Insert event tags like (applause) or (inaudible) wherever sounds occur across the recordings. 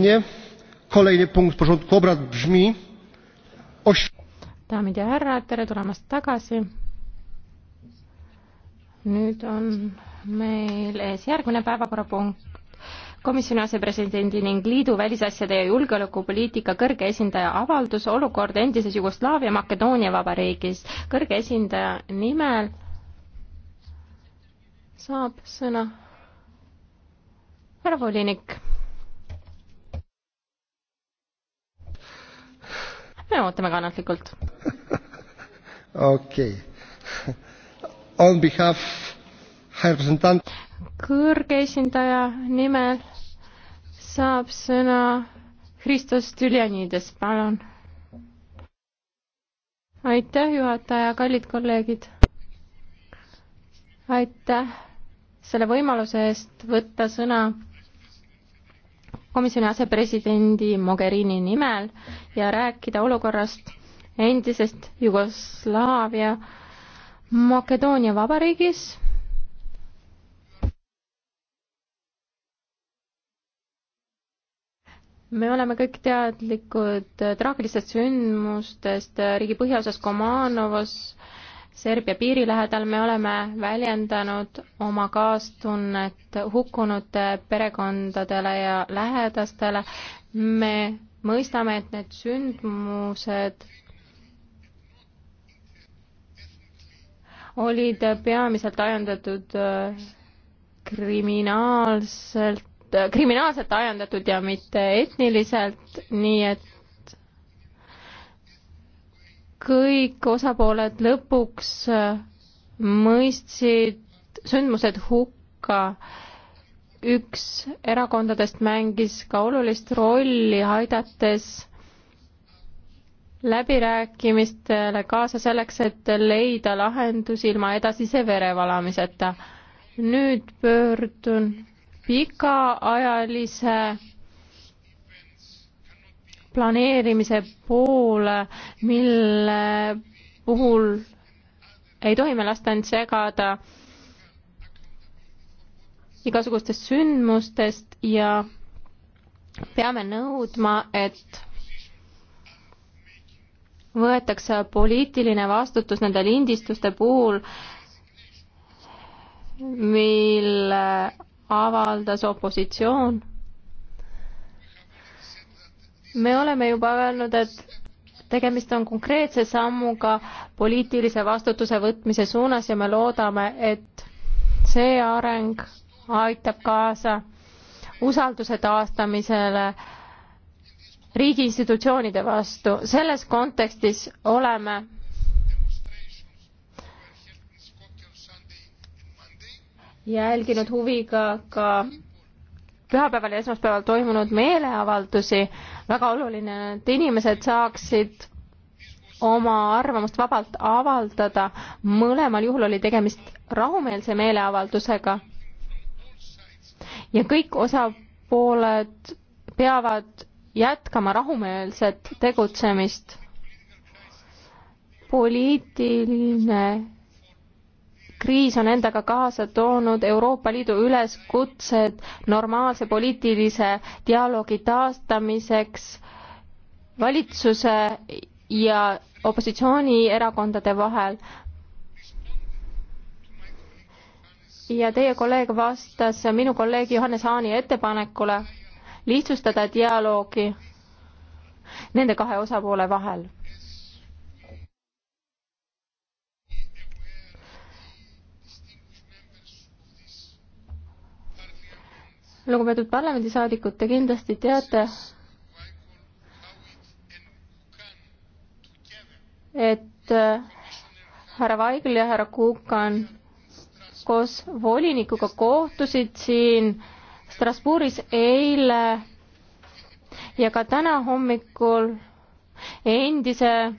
istotnie kolejny punkt porządku obrad brzmi daamid ja härrad tere tulemast tagasi nüüd on meil ees järgmine päevakorrapunkt komisjoni asepresidendi ning liidu välisasjade ja julgeolekupoliitika kõrge esindaja avaldus olukord endises Jugoslaavia Makedoonia vabariigis kõrge esindaja nimel saab sõna härra volinik me ootame kannatlikult. okei (laughs) okay.. On behalf representant. kõrge esindaja nimel saab sõna Kristos Tüljanides, palun. aitäh, juhataja, kallid kolleegid. aitäh selle võimaluse eest võtta sõna komisjoni asepresidendi Mogherini nimel ja rääkida olukorrast endisest Jugoslaavia Makedoonia vabariigis me oleme kõik teadlikud traagilistest sündmustest riigi põhjaosas Komanovas Serbia piiri lähedal me oleme väljendanud oma kaastunnet hukkunute perekondadele ja lähedastele. me mõistame, et need sündmused olid peamiselt ajendatud äh, kriminaalselt, äh, kriminaalselt ajendatud ja mitte etniliselt, nii et kõik osapooled lõpuks äh, mõistsid sündmused hukka. üks erakondadest mängis ka olulist rolli, aidates läbirääkimistele kaasa selleks, et leida lahendus ilma edasise verevalamiseta. nüüd pöördun pikaajalise planeerimise poole, mille puhul ei tohi me lasta end segada igasugustest sündmustest ja peame nõudma, et võetakse poliitiline vastutus nende lindistuste puhul, mille avaldas opositsioon me oleme juba öelnud, et tegemist on konkreetse sammuga poliitilise vastutuse võtmise suunas ja me loodame, et see areng aitab kaasa usalduse taastamisele riigi institutsioonide vastu. selles kontekstis oleme jälginud huviga ka, ka pühapäeval ja esmaspäeval toimunud meeleavaldusi. väga oluline, et inimesed saaksid oma arvamust vabalt avaldada. mõlemal juhul oli tegemist rahumeelse meeleavaldusega. ja kõik osapooled peavad jätkama rahumeelset tegutsemist. poliitiline kriis on endaga kaasa toonud Euroopa Liidu üleskutsed normaalse poliitilise dialoogi taastamiseks valitsuse ja opositsioonierakondade vahel. ja teie kolleeg vastas minu kolleegi Johannes Haani ettepanekule lihtsustada dialoogi nende kahe osapoole vahel lugupeetud parlamendisaadikud, te kindlasti teate, et äh, härra Vaigel ja härra Kukan koos volinikuga kohtusid siin Strasbourgis eile ja ka täna hommikul endise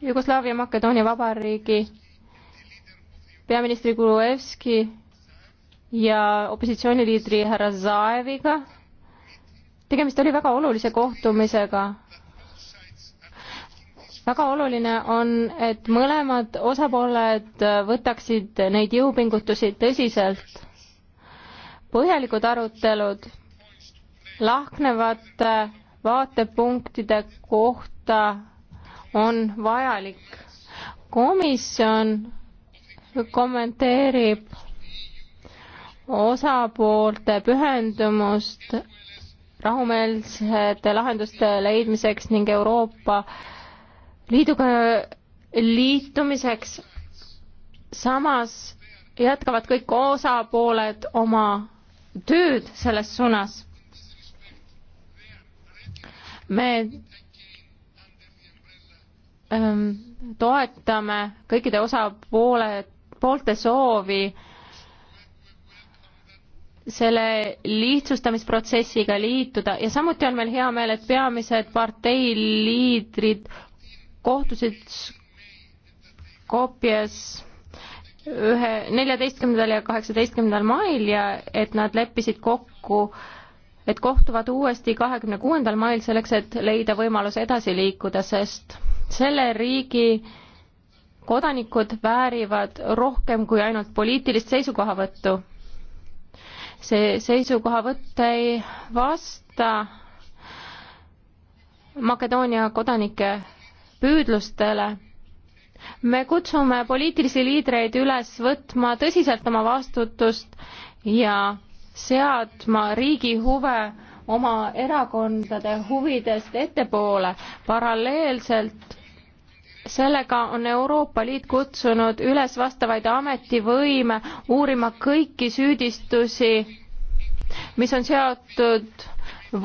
Jugoslaavia Makedoonia Vabariigi peaministri Kulevski ja opositsiooniliidri härra Zaeviga. tegemist oli väga olulise kohtumisega. väga oluline on, et mõlemad osapooled võtaksid neid jõupingutusi tõsiselt. põhjalikud arutelud lahknevate vaatepunktide kohta on vajalik. komisjon kommenteerib osapoolte pühendumust rahumeelsete lahenduste leidmiseks ning Euroopa Liiduga liitumiseks. samas jätkavad kõik osapooled oma tööd selles suunas. me ähm, toetame kõikide osapoole, poolte soovi äh, selle lihtsustamisprotsessiga liituda ja samuti on meil hea meel, et peamised parteiliidrid kohtusid Skopjes ühe, neljateistkümnendal ja kaheksateistkümnendal mail ja et nad leppisid kokku, et kohtuvad uuesti kahekümne kuuendal mail selleks, et leida võimalus edasi liikuda, sest selle riigi kodanikud väärivad rohkem kui ainult poliitilist seisukohavõttu see seisukohavõtt ei vasta Makedoonia kodanike püüdlustele. me kutsume poliitilisi liidreid üles võtma tõsiselt oma vastutust ja seadma riigi huve oma erakondade huvidest ettepoole. paralleelselt sellega on Euroopa Liit kutsunud üles vastavaid ametivõime uurima kõiki süüdistusi, mis on seotud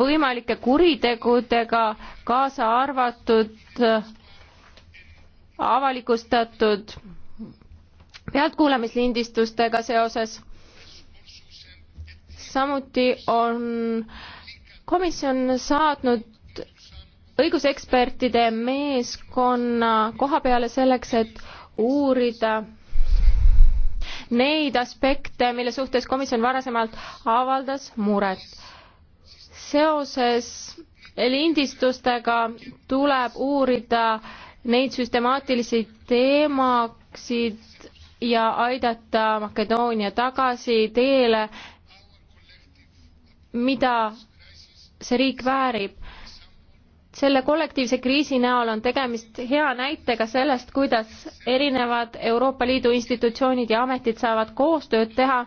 võimalike kuritegudega, kaasa arvatud avalikustatud pealtkuulamislindistustega seoses. samuti on komisjon saatnud õigusekspertide meeskonna koha peale selleks, et uurida neid aspekte, mille suhtes komisjon varasemalt avaldas muret. seoses lindistustega tuleb uurida neid süstemaatilisi teemasid ja aidata Makedoonia tagasi teele, mida see riik väärib selle kollektiivse kriisi näol on tegemist hea näitega sellest, kuidas erinevad Euroopa Liidu institutsioonid ja ametid saavad koostööd teha,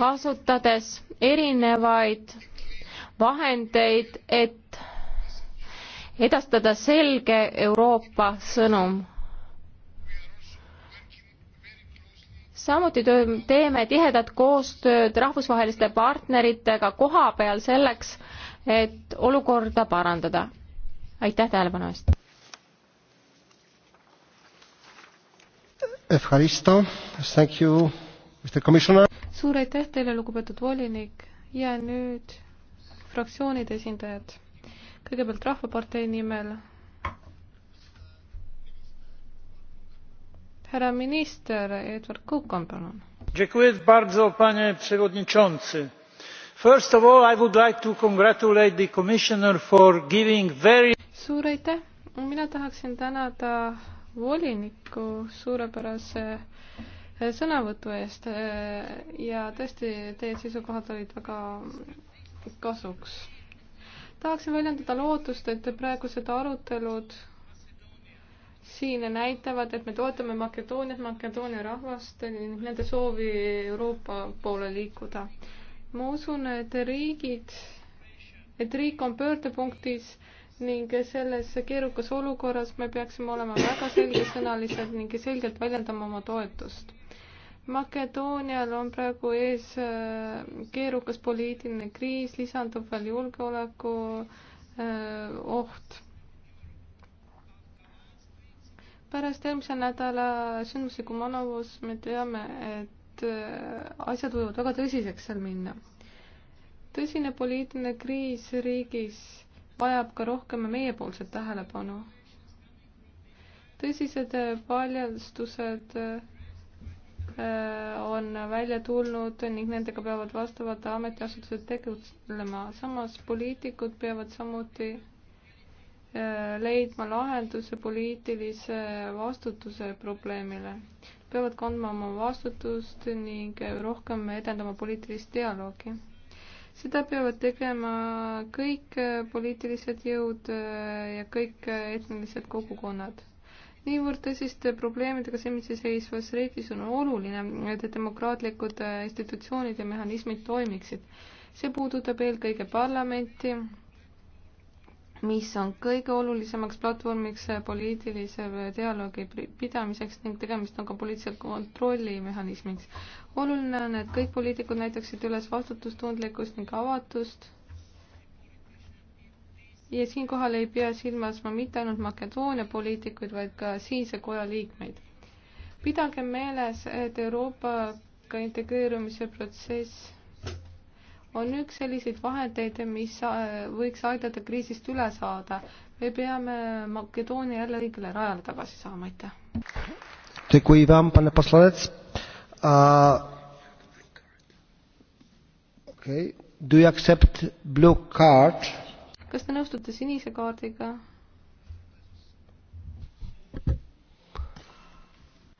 kasutades erinevaid vahendeid, et edastada selge Euroopa sõnum. samuti teeme tihedat koostööd rahvusvaheliste partneritega koha peal selleks, et olukorda parandada aitäh tähelepanu eest! suur aitäh teile, lugupeetud volinik ja nüüd fraktsioonide esindajad. kõigepealt Rahvapartei nimel härra minister Edward Kukan, palun. panie przewodniczący! first of all i would like to congratulate the commissioner for giving very suur aitäh, mina tahaksin tänada volinikku suurepärase eh, sõnavõtu eest eh, ja tõesti, teie seisukohad olid väga kasuks. tahaksin väljendada lootust, et praegused arutelud siin näitavad, et me toetame Makedooniat, Makedoonia rahvast ning eh, nende soovi Euroopa poole liikuda. ma usun, et riigid, et riik on pöördepunktis ning selles keerukas olukorras me peaksime olema väga selgesõnalised ning selgelt väljendama oma toetust. Makedoonial on praegu ees äh, keerukas poliitiline kriis, lisandub veel julgeoleku äh, oht. pärast eelmise nädala sündmusi Kumanovos me teame, et äh, asjad võivad väga tõsiseks seal minna. tõsine poliitiline kriis riigis vajab ka rohkem meiepoolset tähelepanu. tõsised äh, paljastused äh, on välja tulnud ning nendega peavad vastavad ametiasutused tegutsema. samas poliitikud peavad samuti äh, leidma lahenduse poliitilise vastutuse probleemile. peavad kandma oma vastutust ning rohkem edendama poliitilist dialoogi seda peavad tegema kõik äh, poliitilised jõud äh, ja kõik äh, etnilised kogukonnad. niivõrd tõsiste probleemidega silmitsi seisvas riigis on oluline, et demokraatlikud institutsioonid ja mehhanismid toimiksid. see puudutab eelkõige parlamenti mis on kõige olulisemaks platvormiks poliitilise dialoogi pidamiseks ning tegemist on ka poliitilise kontrolli mehhanismiks. oluline on, et kõik poliitikud näitaksid üles vastutustundlikkust ning avatust. ja siinkohal ei pea silmas ma mitte ainult Makedoonia poliitikuid, vaid ka siinse koja liikmeid. pidage meeles, et Euroopaga integreerumise protsess on üks selliseid vahendeid, mis äh, võiks aidata kriisist üle saada. me peame Makedoonia jälle õigele rajale tagasi saama, aitäh. Okay. Do you accept blue card? kas te nõustute sinise kaardiga?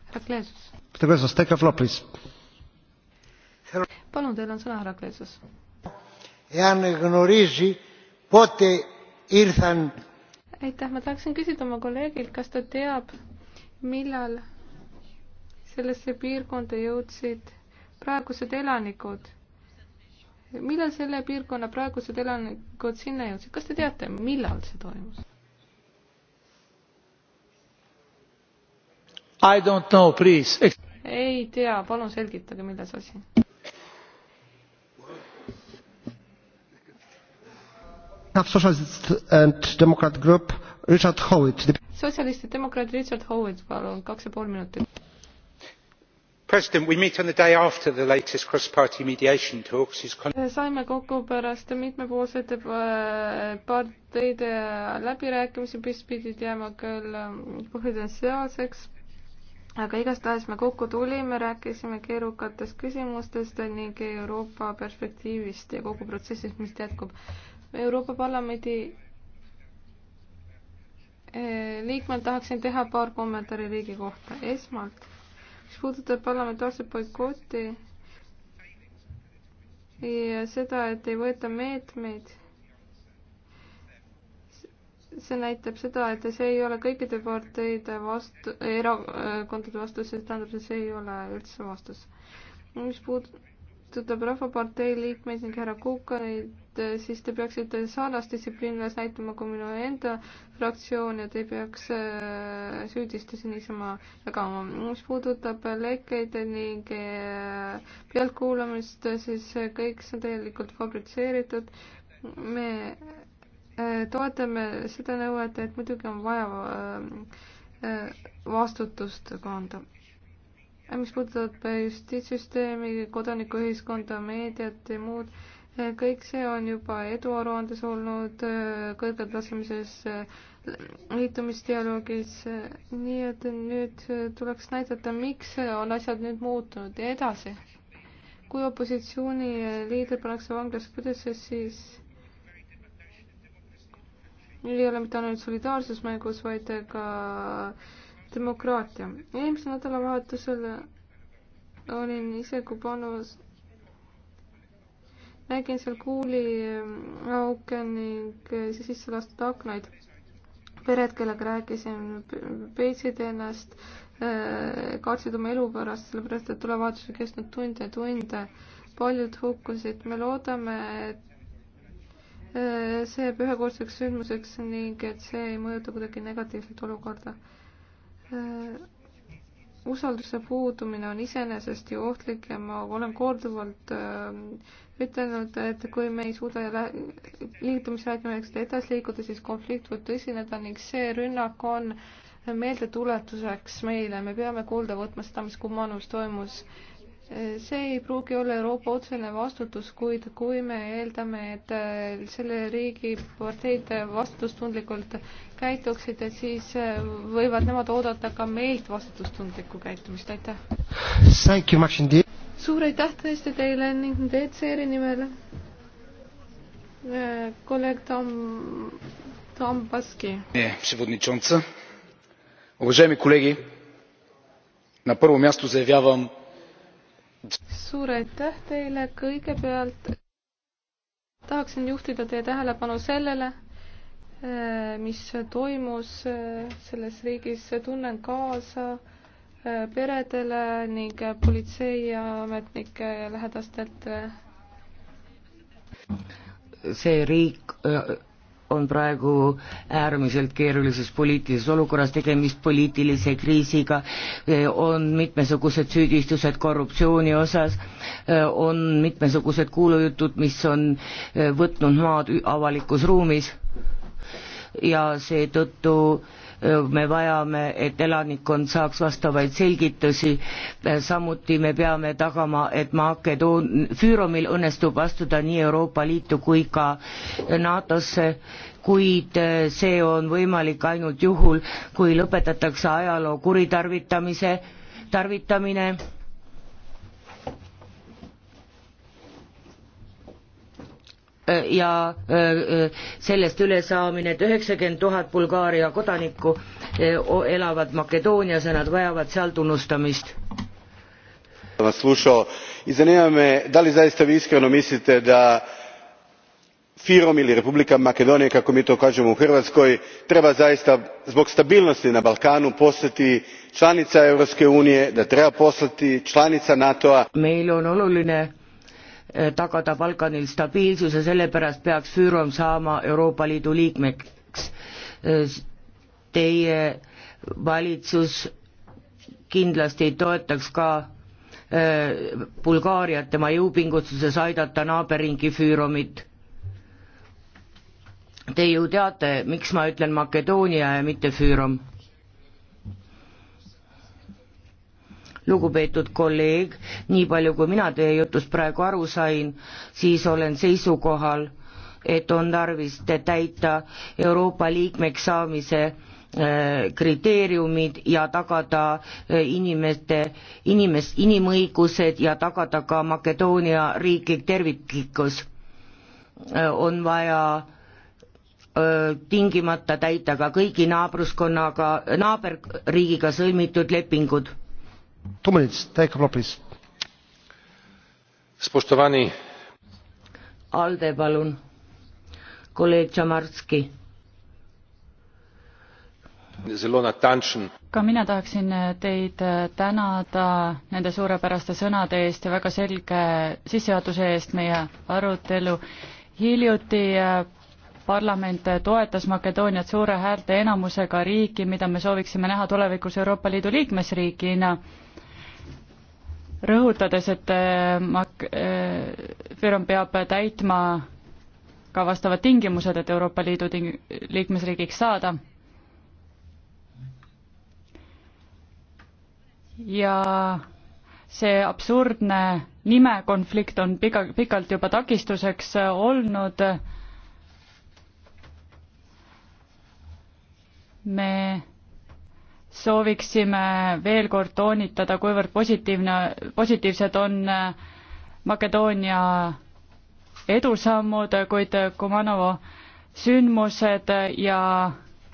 härra Kleesus. härra Kleesus, take a floor please. palun, teil on sõna, härra Kleesus εάν γνωρίζει πότε ήρθαν aitäh, ma tahaksin küsida oma kolleegilt, kas ta teab, millal sellesse piirkonda jõudsid praegused elanikud? millal selle piirkonna praegused elanikud sinna jõudsid, kas te teate, millal see toimus? ei tea, palun selgitage, milles asi sotsialistid demokraat richard howitt palun kaks ja pool minutit. saime kokku pärast mitmepoolsete äh, parteide läbirääkimisi mis pidid jääma küll konfidentsiaalseks ähm, aga igastahes me kokku tulime, rääkisime keerukatest küsimustest ning Euroopa perspektiivist ja kogu protsessist, mis jätkub. Euroopa Parlamendi eh, liikmel tahaksin teha paar kommentaari riigi kohta. esmalt, mis puudutab parlamentaarset boikotti ja seda, et ei võeta meetmeid, see näitab seda, et see ei ole kõikide parteide vastu, eh, erakondade vastus, see tähendab, et see ei ole üldse vastus. mis puudutab Rahvapartei liikmeid ning härra Kukanit, et äh, siis te peaksite sarnast distsipliini üles näitama kui minu enda fraktsioon ja te ei peaks äh, süüdistusi niisama jagama. mis puudutab lekkeid ning äh, pealtkuulamist, siis kõik see on täielikult fabritseeritud. me toetame seda nõuet, et muidugi on vaja vastutust kanda mis puudutab justiitssüsteemi, kodanikuühiskonda, meediat ja muud, kõik see on juba eduaruandes olnud äh, kõrgetasemelises äh, liitumisdialoogis, nii et nüüd äh, tuleks näidata, miks on asjad nüüd muutunud ja edasi. kui opositsiooniliider pannakse vanglasse püdesse, siis ei ole mitte ainult solidaarsus mängus, vaid ka demokraatia. eelmisel nädalavahetusel olin ise Kubanos nägin seal kuuliauke ähm, ning äh, sisse lastud aknaid. pered, kellega rääkisin, peitsid ennast, äh, kartsid oma elu pärast, sellepärast et tulevaatus on kestnud tunde ja tunde. paljud hukkusid, me loodame, et äh, see jääb ühekordseks sündmuseks ning et see ei mõjuta kuidagi negatiivselt olukorda usalduse puudumine on iseenesest ju ohtlik ja ma olen korduvalt äh, ütelnud, et kui me ei suuda liitumisrääkimiseks edasi liikuda, siis konflikt võib tõsineda ning see rünnak on meeldetuletuseks meile, me peame kuulda võtma seda, mis Kumanus toimus see ei pruugi olla Euroopa otsene vastutus, kuid kui me eeldame, et äh, selle riigi parteid vastutustundlikult käituksid, et siis äh, võivad nemad oodata ka meilt vastutustundlikku käitumist, aitäh! suur aitäh tõesti teile ning nende ECR-i nimel äh, kolleeg Tom, Tom Baski. Уважаеми колеги, на първо място заявявам suur aitäh teile, kõigepealt tahaksin juhtida teie tähelepanu sellele, eh, mis toimus eh, selles riigis, tunnen kaasa eh, peredele ning politsei ja ametnike lähedastelt. see riik on praegu äärmiselt keerulises poliitilises olukorras, tegemist poliitilise kriisiga, on mitmesugused süüdistused korruptsiooni osas, on mitmesugused kuulujutud, mis on võtnud maad avalikus ruumis ja seetõttu äh, me vajame, et elanikkond saaks vastavaid selgitusi, samuti me peame tagama, et Makedoon-, Füüromil õnnestub astuda nii Euroopa Liitu kui ka NATO-sse, kuid see on võimalik ainult juhul, kui lõpetatakse ajaloo kuritarvitamise, tarvitamine Äh, ja äh, äh, sellest ülesaamine, et üheksakümmend tuhat Bulgaaria kodanikku elavad Makedoonias ja nad vajavad seal tunnustamist. vas slušao i zanima me da li zaista vi iskreno mislite da fyrom ili republika makedonija kako mi to kažemo u hrvatskoj treba zaista zbog stabilnosti na balkanu postati članica europske unije da treba postati članica nato a tagada Balkanil stabiilsus ja sellepärast peaks Füürom saama Euroopa Liidu liikmeks. Teie valitsus kindlasti toetaks ka äh, Bulgaariat tema jõupingutuses aidata naaberringi Füüromit. Te ju teate, miks ma ütlen Makedoonia ja mitte Füürom lugupeetud kolleeg, nii palju kui mina teie jutust praegu aru sain, siis olen seisukohal, et on tarvis täita Euroopa liikmeks saamise äh, kriteeriumid ja tagada äh, inimeste, inimes-, inimõigused ja tagada ka Makedoonia riiklik terviklikkus. Äh, on vaja tingimata täita ka kõigi naabruskonnaga, naaberriigiga sõlmitud lepingud spoštovani alde balun kolega čamarski zelo natančen ka mina tahaksin teid tänada nende suurepäraste sõnade eest ja väga selge sissejuhatuse eest meie arutelu hiljuti parlament toetas Makedooniat suure häälteenamusega riiki, mida me sooviksime näha tulevikus Euroopa Liidu liikmesriigina no rõhutades, et äh, Mac-, äh, Fyrom peab täitma ka vastavad tingimused, et Euroopa Liidu ting-, liikmesriigiks saada. ja see absurdne nimekonflikt on pika, pikalt juba takistuseks olnud. me sooviksime veel kord toonitada, kuivõrd positiivne, positiivsed on äh, Makedoonia edusammud, kuid Kumanovo sündmused ja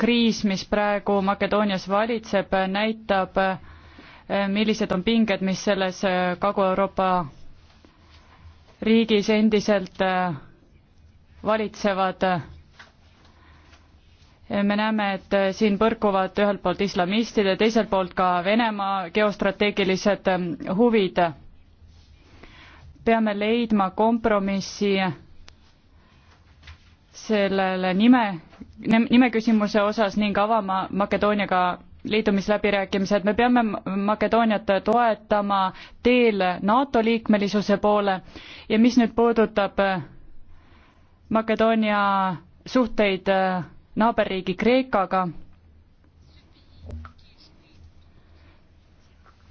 kriis, mis praegu Makedoonias valitseb, näitab, äh, millised on pinged, mis selles äh, Kagu-Euroopa riigis endiselt valitsevad me näeme, et siin põrkuvad ühelt poolt islamistid ja teiselt poolt ka Venemaa geostrateegilised ähm, huvid. peame leidma kompromissi sellele nime, nime küsimuse osas ning avama Makedooniaga liitumisläbirääkimised, me peame Makedooniat toetama teel NATO liikmelisuse poole ja mis nüüd puudutab äh, Makedoonia suhteid äh, naaberriigi Kreekaga.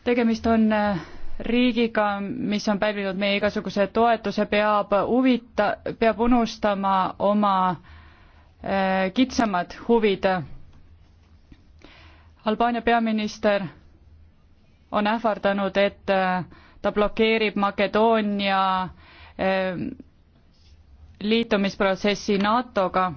tegemist on äh, riigiga, mis on pälvinud meie igasuguse toetuse, peab huvita, peab unustama oma äh, kitsamad huvid. Albaania peaminister on ähvardanud, et äh, ta blokeerib Makedoonia liitumisprotsessi NATO-ga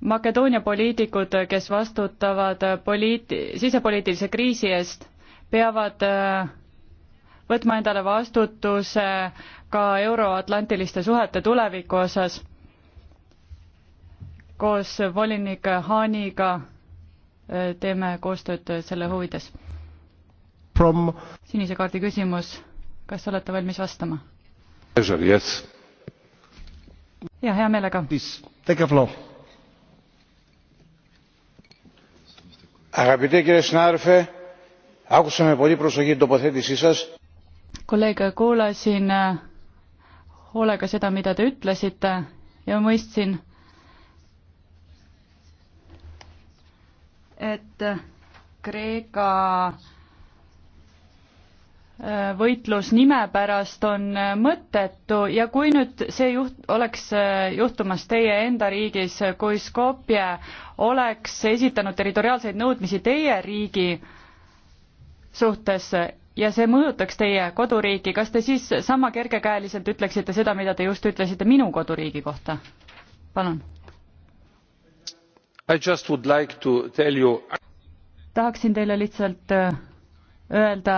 Makedoonia poliitikud, kes vastutavad poliit-, sisepoliitilise kriisi eest, peavad äh, võtma endale vastutuse ka euroatlantiliste suhete tuleviku osas. koos volinik Haaniga äh, teeme koostööd selle huvides. sinise kaardi küsimus, kas olete valmis vastama? jah, hea meelega. Take a floor Αγαπητέ κύριε συνάδελφε, άκουσα με πολύ προσοχή την τοποθέτησή σας. Kolleeg, kuulasin hoolega seda, mida te ütlesite ja mõistsin, et Kreeka võitlus nime pärast on mõttetu ja kui nüüd see juht-, oleks äh, juhtumas teie enda riigis, kui Skopje oleks esitanud territoriaalseid nõudmisi teie riigi suhtes ja see mõjutaks teie koduriiki, kas te siis sama kergekäeliselt ütleksite seda, mida te just ütlesite minu koduriigi kohta? palun. Like you... tahaksin teile lihtsalt äh, öelda,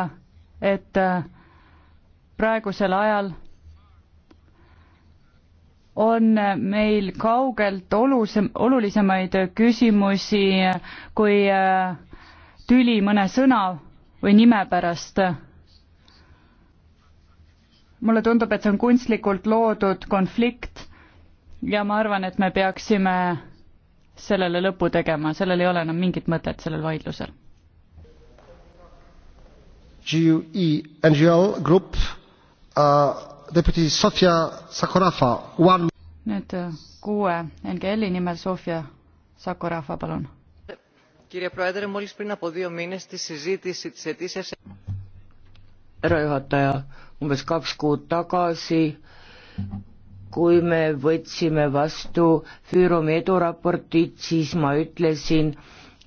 et äh, praegusel ajal on äh, meil kaugelt olusem, olulisemaid küsimusi kui äh, tüli mõne sõna või nime pärast. mulle tundub, et see on kunstlikult loodud konflikt ja ma arvan, et me peaksime sellele lõpu tegema, sellel ei ole enam mingit mõtet, sellel vaidlusel gue ngl group äh, deputy sofia sakorafa one nüüd äh, kuue ngli nimel sofia sakorafa palun härra juhataja umbes kaks kuud tagasi kui me võtsime vastu Füürumi eduraportit siis ma ütlesin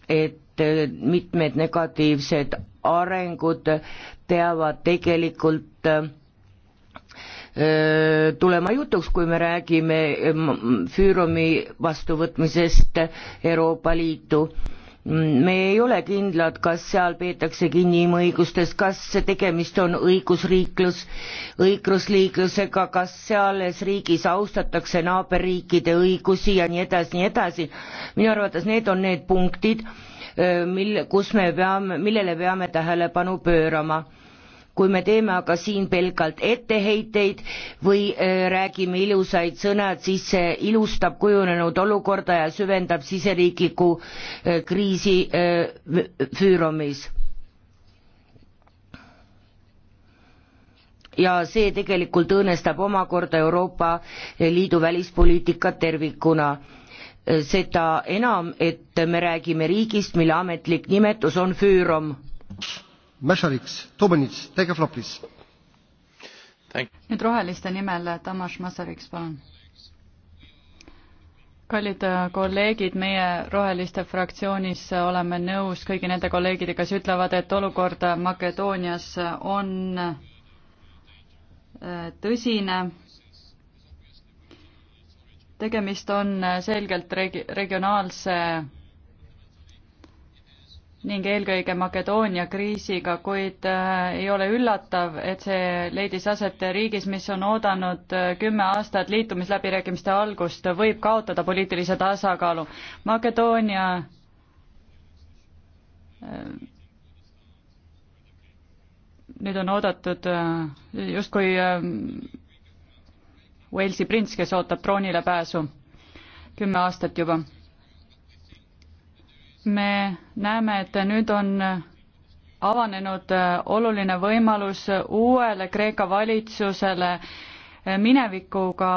et äh, mitmed negatiivsed arengud peavad tegelikult tulema jutuks, kui me räägime Füürumi vastuvõtmisest Euroopa Liitu. me ei ole kindlad, kas seal peetakse kinni inimõigustest, kas tegemist on õigusriiklus, õigusliiklusega, kas seales riigis austatakse naaberriikide õigusi ja nii edasi, nii edasi. minu arvates need on need punktid Äh, mille, kus me peame, millele peame tähelepanu pöörama kui me teeme aga siin pelgalt etteheiteid või äh, räägime ilusaid sõnad, siis see ilustab kujunenud olukorda ja süvendab siseriikliku äh, kriisi Füüromis. ja see tegelikult õõnestab omakorda Euroopa Liidu välispoliitikat tervikuna seda enam, et me räägime riigist, mille ametlik nimetus on Füürom. nüüd roheliste nimel Tamas Masariks, palun. kallid äh, kolleegid, meie Roheliste fraktsioonis oleme nõus kõigi nende kolleegidega, kes ütlevad, et olukord Makedoonias on äh, tõsine tegemist on äh, selgelt regi-, regionaalse ning eelkõige Makedoonia kriisiga, kuid äh, ei ole üllatav, et see leidis aset riigis, mis on oodanud äh, kümme aastat liitumisläbirääkimiste algust, võib kaotada poliitilise tasakaalu. Makedoonia nüüd on oodatud justkui Walesi prints, kes ootab troonile pääsu kümme aastat juba. me näeme, et nüüd on avanenud äh, oluline võimalus uuele Kreeka valitsusele äh, minevikuga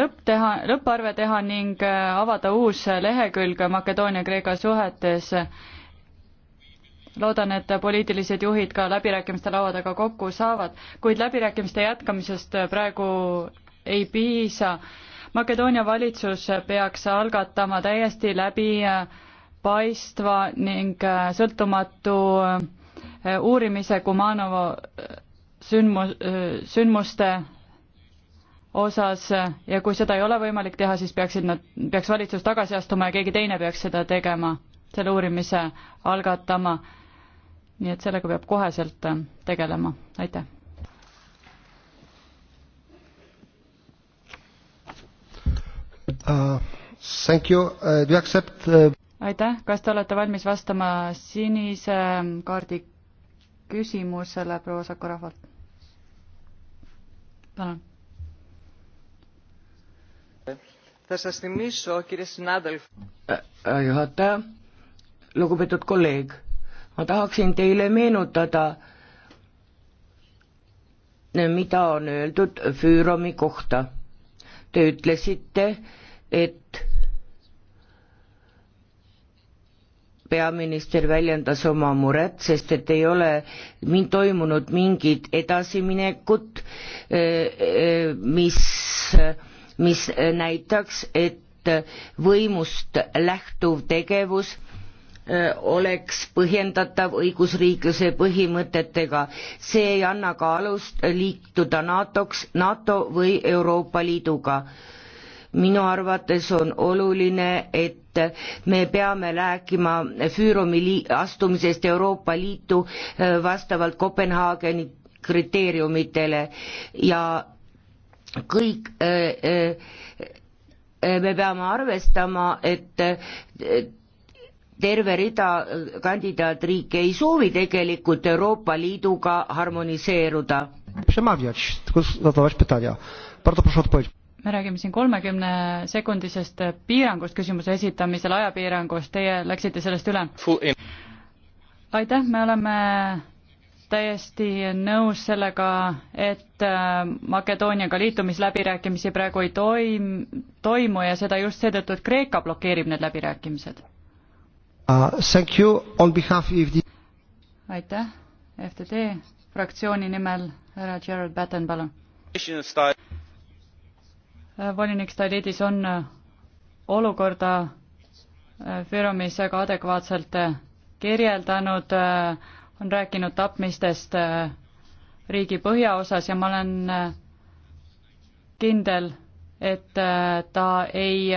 lõpp teha, lõpparve teha ning äh, avada uus lehekülg Makedoonia-Kreeka suhetes loodan, et poliitilised juhid ka läbirääkimiste laua taga kokku saavad, kuid läbirääkimiste jätkamisest praegu ei piisa. Makedoonia valitsus peaks algatama täiesti läbipaistva äh, ning äh, sõltumatu äh, uurimise Kumanovo sündmu-, sündmuste osas ja kui seda ei ole võimalik teha, siis peaksid nad, peaks valitsus tagasi astuma ja keegi teine peaks seda tegema, selle uurimise algatama nii et sellega peab koheselt äh, tegelema, aitäh. Uh, thank you uh,, do you accept uh... aitäh, kas te olete valmis vastama sinise ähm, kaardi küsimusele proua Saku rahvalt? palun. juhataja, lugupeetud kolleeg ma tahaksin teile meenutada, mida on öeldud Füüromi kohta. Te ütlesite, et peaminister väljendas oma muret, sest et ei ole toimunud mingit edasiminekut, eh, eh, mis, mis näitaks, et võimust lähtuv tegevus oleks põhjendatav õigusriikluse põhimõtetega. see ei anna ka alust liituda NATO-ks, NATO või Euroopa Liiduga. minu arvates on oluline, et me peame rääkima Füürumi astumisest Euroopa Liitu vastavalt Kopenhaageni kriteeriumitele ja kõik öö, öö, me peame arvestama, et terve rida äh, kandidaatriike ei soovi tegelikult Euroopa Liiduga harmoniseeruda. me räägime siin kolmekümne sekundisest piirangust küsimuse esitamisel, ajapiirangust, teie läksite sellest üle. aitäh, me oleme täiesti nõus sellega, et äh, Makedooniaga liitumisläbirääkimisi praegu ei toim-, toimu ja seda just seetõttu, et Kreeka blokeerib need läbirääkimised uh,. aitäh, FTD fraktsiooni nimel härra Gerald Batten, palun. volinik Stalidis on uh, olukorda Virumis uh, väga adekvaatselt uh, kirjeldanud, on rääkinud tapmistest riigi põhjaosas ja ma olen kindel, et ta ei,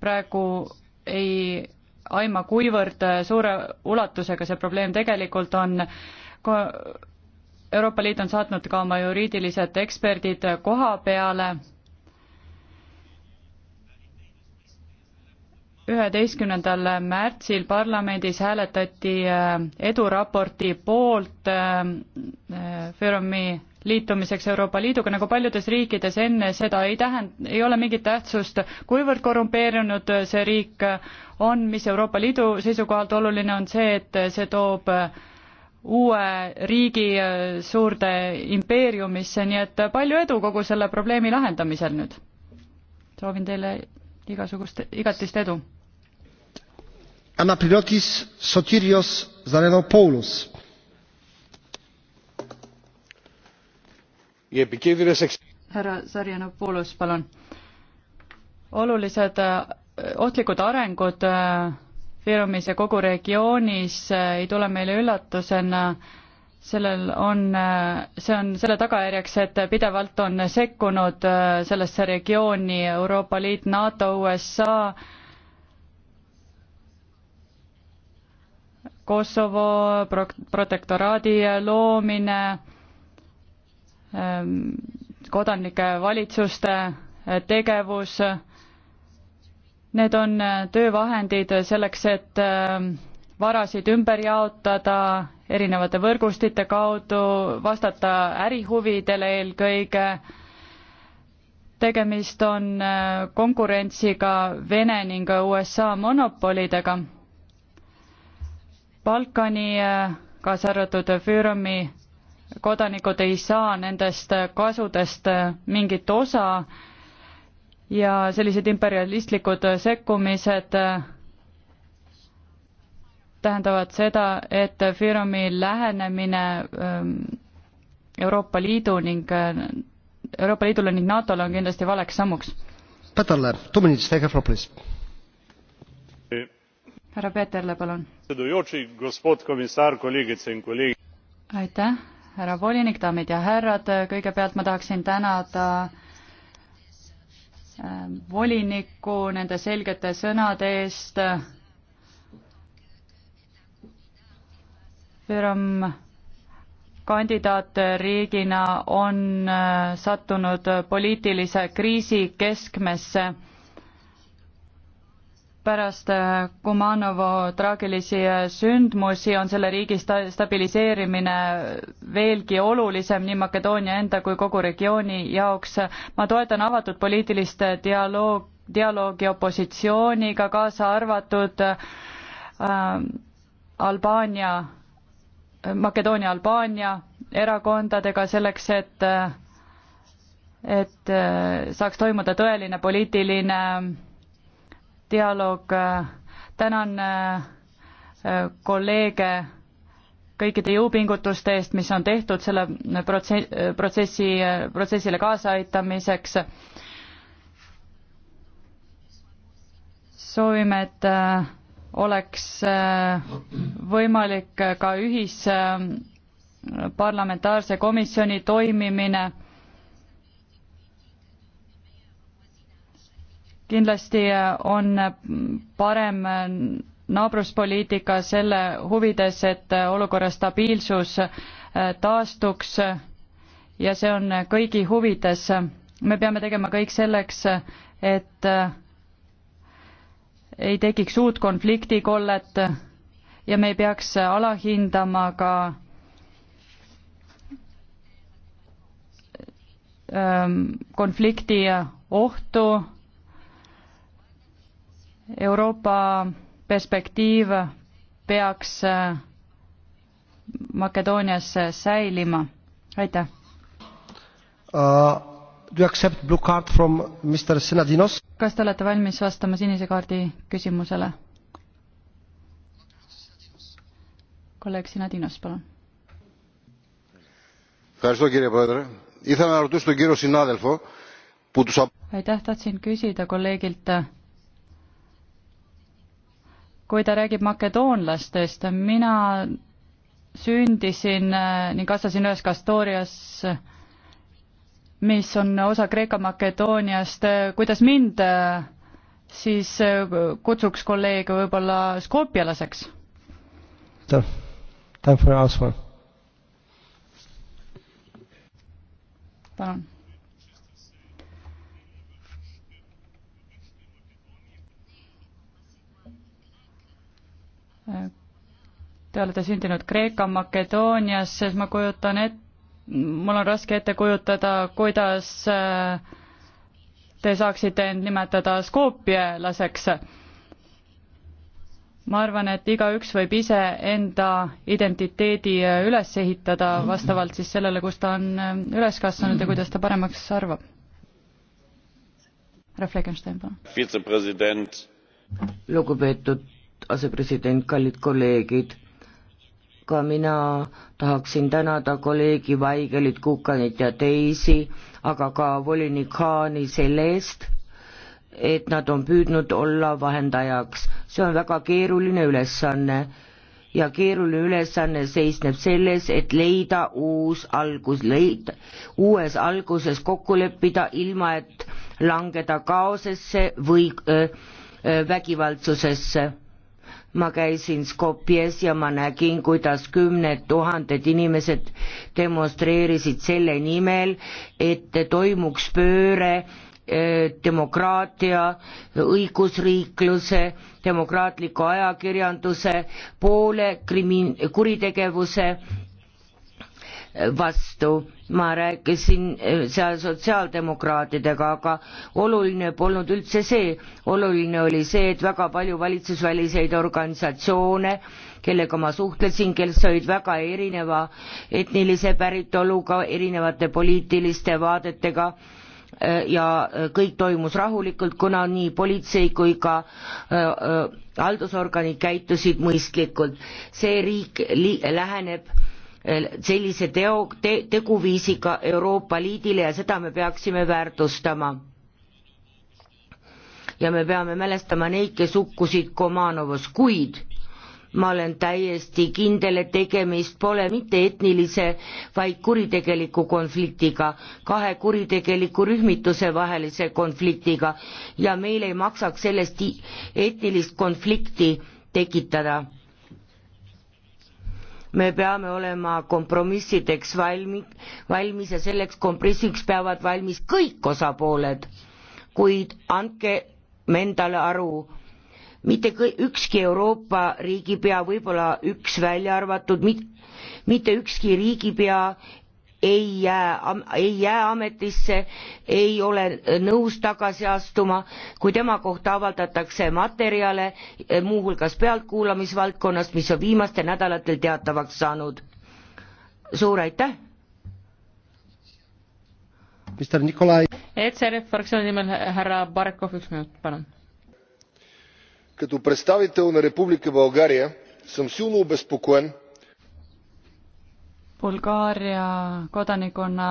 praegu ei aima, kuivõrd äh, suure ulatusega see probleem tegelikult on. Euroopa Liit on saatnud ka oma juriidilised eksperdid koha peale. üheteistkümnendal märtsil parlamendis hääletati äh, eduraporti poolt äh, Fermi liitumiseks Euroopa Liiduga, nagu paljudes riikides enne seda, ei tähend-, ei ole mingit tähtsust, kuivõrd korrumpeerunud see riik on, mis Euroopa Liidu seisukohalt oluline on see, et see toob uue riigi suurde impeeriumisse, nii et palju edu kogu selle probleemi lahendamisel nüüd. soovin teile igasugust, igatist edu. Anapinotis Sotirios Zarenopoulos härra Sarjanopoulos, palun. olulised äh, ohtlikud arengud äh, Virumis ja kogu regioonis äh, ei tule meile üllatusena sellel on, see on selle tagajärjeks, et pidevalt on sekkunud sellesse regiooni Euroopa Liit, NATO, USA, Kosovo protektoraadi loomine Ähm, kodanike valitsuste äh, tegevus, need on äh, töövahendid selleks, et ähm, varasid ümber jaotada erinevate võrgustite kaudu, vastata ärihuvidele eelkõige, tegemist on äh, konkurentsiga Vene ning USA monopolidega. Balkani, kaasa arvatud Füürumi kodanikud ei saa nendest kasudest mingit osa ja sellised imperialistlikud sekkumised tähendavad seda, et firmi lähenemine ähm, Euroopa Liidu ning, äh, Euroopa Liidule ning NATO-le on kindlasti valeks sammuks. Peterle, two minutes, take a floor please. härra Peeterle, palun. aitäh, härra volinik, daamid ja härrad, kõigepealt ma tahaksin tänada äh, volinikku nende selgete sõnade eest. Füram kandidaatriigina on äh, sattunud poliitilise kriisi keskmesse pärast äh, Kumanovo traagilisi äh, sündmusi on selle riigi sta-, stabiliseerimine veelgi olulisem nii Makedoonia enda kui kogu regiooni jaoks. ma toetan avatud poliitilist äh, dialoog, dialoogi opositsiooniga, kaasa arvatud äh, Albaania, Makedoonia-Albaania erakondadega selleks, et et saaks toimuda tõeline poliitiline dialoog. tänan äh, kolleege kõikide jõupingutuste eest, mis on tehtud selle protse-, protsessi, protsessile kaasaaitamiseks. soovime, et äh, oleks äh, võimalik ka ühisparlamentaarse komisjoni toimimine kindlasti on parem naabruspoliitika selle huvides, et olukorra stabiilsus taastuks ja see on kõigi huvides. me peame tegema kõik selleks, et ei tekiks uut konfliktikollet ja me ei peaks alahindama ka ähm, konflikti ohtu Euroopa perspektiiv peaks äh, Makedoonias äh, säilima. aitäh uh,. Do you accept blue card from Mr Senadinos? kas te olete valmis vastama sinise kaardi küsimusele? kolleeg Senadinos, palun. aitäh, tahtsin küsida kolleegilt äh, kui ta räägib makedoonlastest, mina sündisin äh, ning kasvasin ühes Kastorias, mis on osa Kreeka-Makedooniast, kuidas mind äh, siis äh, kutsuks kolleege võib-olla skopjalaseks? palun Te olete sündinud Kreeka, Makedoonias, siis ma kujutan ette, mul on raske ette kujutada, kuidas äh, te saaksite end nimetada skoopialaseks. ma arvan, et igaüks võib iseenda identiteedi äh, üles ehitada vastavalt siis sellele, kus ta on äh, üles kasvanud ja kuidas ta paremaks arvab. härra Fleckenstein, palun. lugupeetud asepresident, kallid kolleegid. ka mina tahaksin tänada kolleegi Vaigelit, Kukanit ja teisi, aga ka volinik Haani selle eest, et nad on püüdnud olla vahendajaks. see on väga keeruline ülesanne ja keeruline ülesanne seisneb selles, et leida uus algus, leida, uues alguses kokku leppida, ilma et langeda kaosesse või öö, äh, äh, vägivaldsusesse ma käisin Skopjes ja ma nägin, kuidas kümned tuhanded inimesed demonstreerisid selle nimel, et toimuks pööre äh, demokraatia, õigusriikluse, demokraatliku ajakirjanduse poole, krimi-, kuritegevuse vastu. ma rääkisin eh, seal sotsiaaldemokraatidega, aga oluline polnud üldse see, oluline oli see, et väga palju valitsusväliseid organisatsioone, kellega ma suhtlesin, kes olid väga erineva etnilise päritoluga, erinevate poliitiliste vaadetega, eh, ja eh, kõik toimus rahulikult, kuna nii politsei kui ka haldusorganid käitusid mõistlikult. see riik li-, läheneb äh, Äh, sellise teo te,, teguviisiga Euroopa Liidile ja seda me peaksime väärtustama. ja me peame mälestama neid, kes hukkusid Komanovos, kuid ma olen täiesti kindel, et tegemist pole mitte etnilise, vaid kuritegeliku konfliktiga, kahe kuritegeliku rühmituse vahelise konfliktiga ja meil ei maksaks sellest etnilist konflikti tekitada me peame olema kompromissideks valmi-, valmis ja selleks kompromissiks peavad valmis kõik osapooled, kuid andke endale aru, mitte kõik, ükski Euroopa riigipea, võib-olla üks välja arvatud, mitte ükski riigipea ei jää, ei jää ametisse, ei ole nõus tagasi astuma, kui tema kohta avaldatakse materjale, eh, muuhulgas pealtkuulamisvaldkonnast, mis on viimastel nädalatel teatavaks saanud. suur aitäh! Mr Nikolai. ECR fraktsiooni nimel härra Barkov, üks minut, palun. Като представител на Република България съм силно обезпокоен Bulgaaria kodanikuna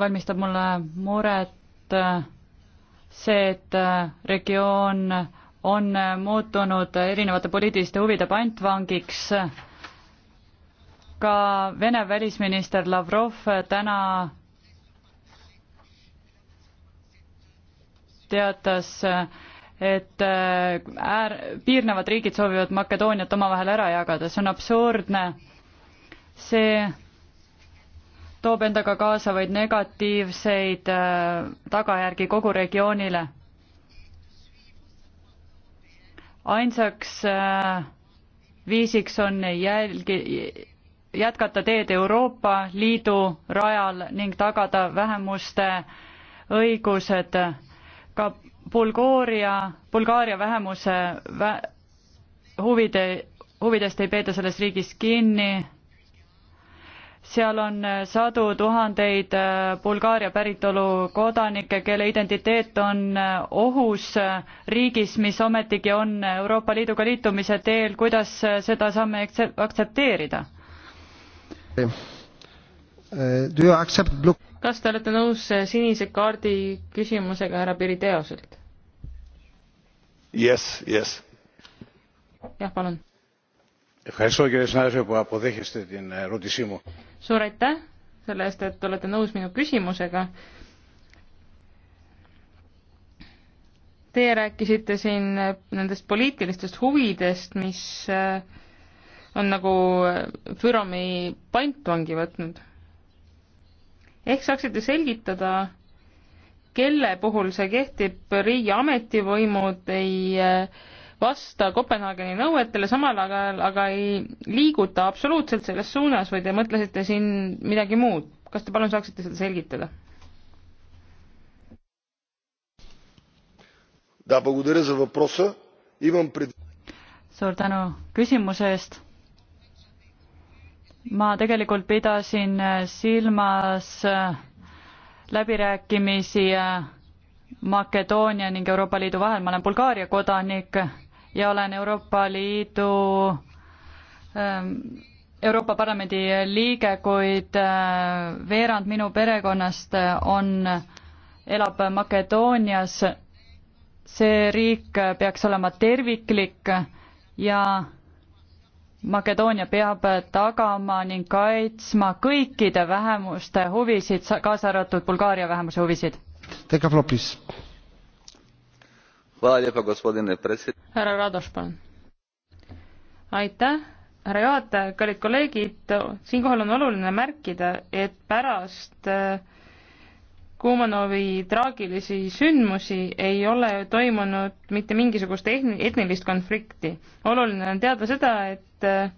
valmistab mulle muret äh, see, et äh, regioon on äh, muutunud erinevate poliitiliste huvide pantvangiks. ka Vene välisminister Lavrov täna teatas, et äär, piirnevad riigid soovivad Makedooniat omavahel ära jagada, see on absurdne see toob endaga kaasa vaid negatiivseid äh, tagajärgi kogu regioonile. ainsaks äh, viisiks on jälgi, jätkata teed Euroopa Liidu rajal ning tagada vähemuste õigused. ka Bulgaaria, Bulgaaria vähemuse vä huvide, huvidest ei peeta selles riigis kinni seal on äh, sadu tuhandeid äh, Bulgaaria päritolu kodanikke, kelle identiteet on äh, ohus riigis, mis ometigi on Euroopa Liiduga liitumise teel, kuidas seda saame aktsepteerida? kas te olete nõus sinise kaardi küsimusega härra Piriteoselt? jah, palun suur aitäh selle eest, et olete nõus minu küsimusega. Teie rääkisite siin nendest poliitilistest huvidest, mis eh, on nagu eh, Füromi pantvangi võtnud. ehk saaksite selgitada, kelle puhul see kehtib, riigi ametivõimud ei äh, vasta Kopenhaageni nõuetele, samal ajal aga ei liiguta absoluutselt selles suunas või te mõtlesite siin midagi muud. kas te palun saaksite seda selgitada? suur tänu küsimuse eest. ma tegelikult pidasin äh, silmas äh, läbirääkimisi äh, Makedoonia ning Euroopa Liidu vahel, ma olen Bulgaaria kodanik ja olen Euroopa Liidu ähm, Euroopa Parlamendi liige, kuid äh, veerand minu perekonnast äh, on, elab Makedoonias. see riik peaks olema terviklik ja Makedoonia peab tagama ning kaitsma kõikide vähemuste huvisid, kaasa arvatud Bulgaaria vähemuse huvisid. Teka Flopis härra Radoš, palun. aitäh, härra juhataja, kallid kolleegid, siinkohal on oluline märkida, et pärast äh, Kumanovi traagilisi sündmusi ei ole toimunud mitte mingisugust etnilist konflikti. oluline on teada seda, et äh,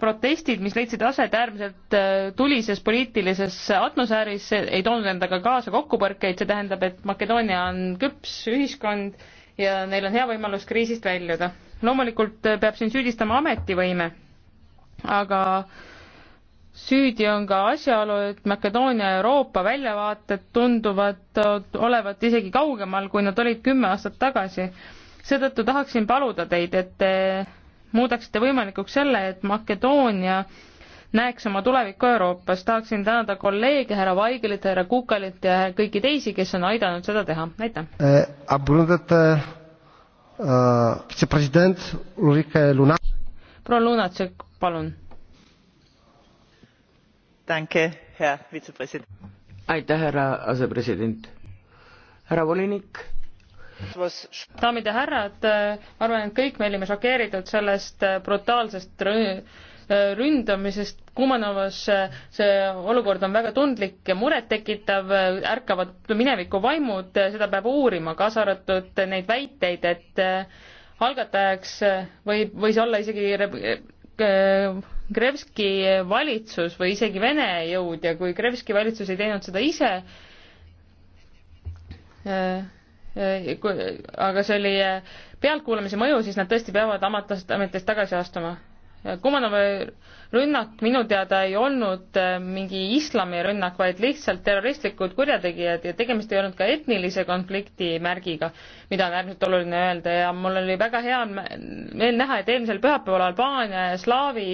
protestid, mis leidsid aset äärmiselt äh, tulises poliitilises atmosfääris, ei toonud endaga kaasa kokkupõrkeid, see tähendab, et Makedoonia on küps ühiskond ja neil on hea võimalus kriisist väljuda. loomulikult äh, peab siin süüdistama ametivõime, aga süüdi on ka asjaolu, et Makedoonia ja Euroopa väljavaated tunduvad olevat isegi kaugemal, kui nad olid kümme aastat tagasi. seetõttu tahaksin paluda teid, et te muudaksite võimalikuks selle, et Makedoonia näeks oma tulevikku Euroopas. tahaksin tänada kolleege, härra Vaigelit, härra Kukalit ja kõiki teisi, kes on aidanud seda teha. aitäh äh,! vicepresident Ulrike Luna. proua Lunatšek, palun. aitäh, härra asepresident. härra volinik daamid ja härrad, ma arvan, et kõik me olime šokeeritud sellest brutaalsest ründamisest Kumanovas, see olukord on väga tundlik ja murettekitav, ärkavad mineviku vaimud, seda peab uurima, kaasa arvatud neid väiteid, et algatajaks võib, võis olla isegi Krevski valitsus või isegi Vene jõud ja kui Krevski valitsus ei teinud seda ise, Äh, aga see oli äh, pealtkuulamise mõju, siis nad tõesti peavad ametist, ametist tagasi astuma. Äh, Kumanova rünnak minu teada ei olnud mingi islamirünnak, vaid lihtsalt terroristlikud kurjategijad ja tegemist ei olnud ka etnilise konflikti märgiga, mida on äärmiselt oluline öelda ja mul oli väga hea meel näha, et eelmisel pühapäeval Albaania ja slaavi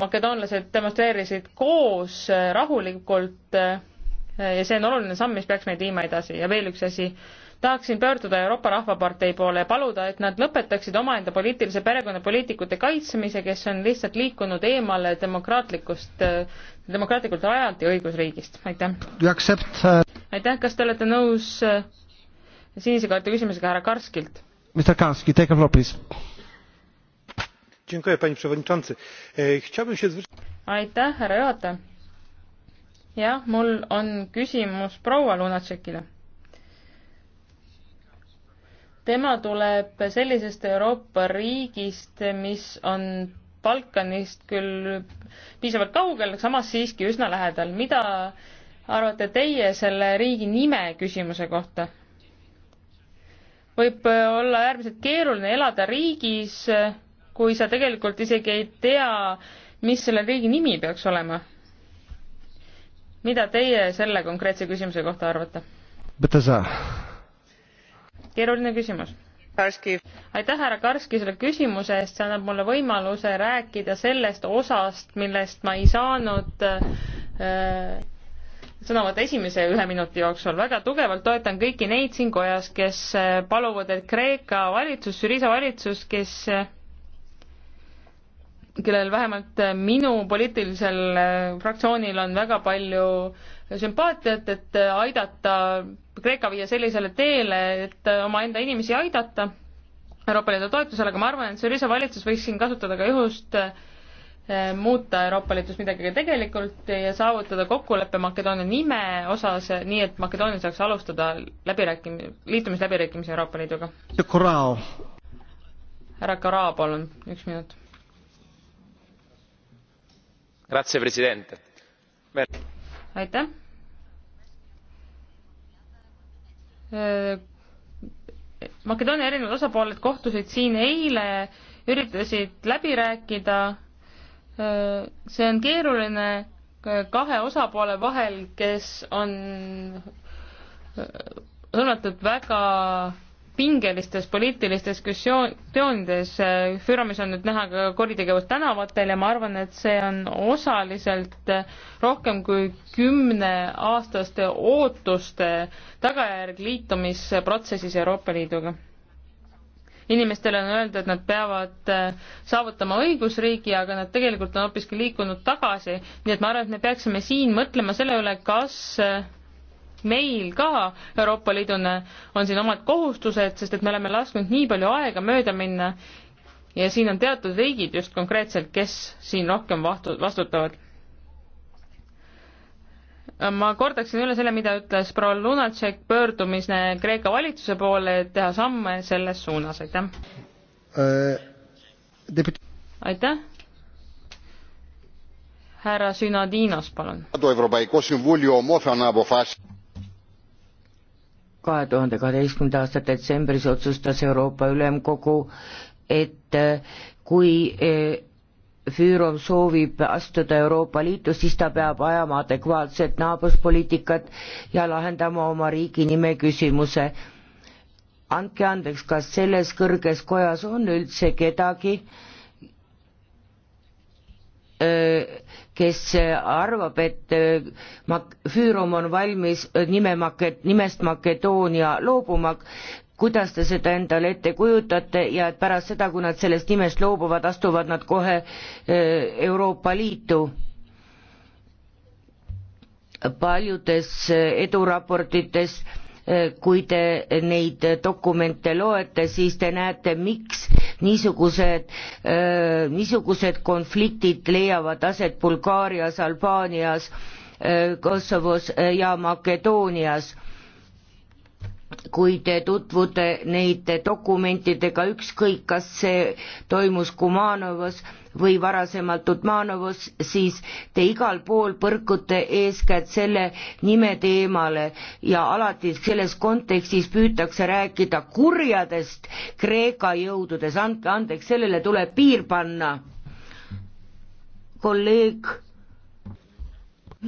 makedoonlased demonstreerisid koos rahulikult ja see on oluline samm, mis peaks meid viima edasi ja veel üks asi tahaksin pöörduda Euroopa Rahvapartei poole ja paluda, et nad lõpetaksid omaenda poliitilise perekonna poliitikute kaitsmise, kes on lihtsalt liikunud eemale demokraatlikust, demokraatlikult rajalt ja õigusriigist. aitäh. Uh, aitäh, kas te olete nõus äh, sinise kaarti küsimusega härra Karskilt? Mr Karski, take a floor please. panie przewodniczący! E, chciałbym się zwrócić. aitäh, härra juhataja. jah, mul on küsimus proua Lunatšekile tema tuleb sellisest Euroopa riigist, mis on Balkanist küll piisavalt kaugel, samas siiski üsna lähedal. mida arvate teie selle riigi nime küsimuse kohta? võib olla äärmiselt keeruline elada riigis, kui sa tegelikult isegi ei tea, mis selle riigi nimi peaks olema. mida teie selle konkreetse küsimuse kohta arvate? keeruline küsimus. aitäh, härra Karski, selle küsimuse eest, see annab mulle võimaluse rääkida sellest osast, millest ma ei saanud äh, sõnavõtt esimese ühe minuti jooksul. väga tugevalt toetan kõiki neid siin kojas, kes paluvad, et Kreeka valitsus, Syriza valitsus, kes äh, kellel vähemalt minu poliitilisel äh, fraktsioonil on väga palju sümpaatiat, et äh, aidata Kreeka viia sellisele teele, et äh, omaenda inimesi aidata Euroopa Liidu toetusel, aga ma arvan, et Syriza valitsus võiks siin kasutada ka juhust muuta Euroopa Liidus midagi tegelikult ja saavutada kokkulepe Makedoonia nime osas, nii et Makedoonia saaks alustada läbirääkim-, liitumisläbirääkimisi Euroopa Liiduga. härra Korao, palun, üks minut aitäh! Äh, Makedoonia erinevad osapooled kohtusid siin eile, üritasid läbi rääkida. Äh, see on keeruline kahe osapoole vahel, kes on hõlmatud äh, väga pingelistes poliitilistes diskussioonides, äh, Füromis on nüüd näha ka kuritegevust tänavatel ja ma arvan, et see on osaliselt äh, rohkem kui kümneaastaste ootuste tagajärg liitumisprotsessis Euroopa Liiduga inimestele on öeldud, et nad peavad äh, saavutama õigusriigi, aga nad tegelikult on hoopiski liikunud tagasi, nii et ma arvan, et me peaksime siin mõtlema selle üle, kas meil ka Euroopa Liiduna on siin omad kohustused, sest et me oleme lasknud nii palju aega mööda minna ja siin on teatud riigid just konkreetselt, kes siin rohkem vahtu-, vastutavad. ma kordaksin üle selle, mida ütles proua Lunatšek pöördumise Kreeka valitsuse poole, et teha samme selles suunas, aitäh äh,. aitäh härra synadinos palun kahe tuhande kaheteistkümnenda aasta detsembris otsustas Euroopa Ülemkogu, et eh, kui eh, Füürom soovib astuda Euroopa Liitu, siis ta peab ajama adekvaatset naabruspoliitikat ja lahendama oma riigi nime küsimuse. andke andeks, kas selles kõrges kojas on üldse kedagi, Äh, kes äh, arvab, et äh, Füürom on valmis nime Maket-, nimest Makedoonia loobuma, kuidas te seda endale ette kujutate ja et pärast seda, kui nad sellest nimest loobuvad, astuvad nad kohe Euroopa Liitu? paljudes eduraportites kui te neid dokumente loete, siis te näete, miks niisugused, äh, niisugused konfliktid leiavad aset Bulgaarias, Albaanias, äh, Kosovos äh, ja Makedoonias kui te tutvute neid dokumentidega, ükskõik kas see toimus Kumanovas või varasemalt Utmanovas, siis te igal pool põrkute eeskätt selle nime teemale ja alati selles kontekstis püütakse rääkida kurjadest Kreeka jõududes, andke andeks, sellele tuleb piir panna. kolleeg.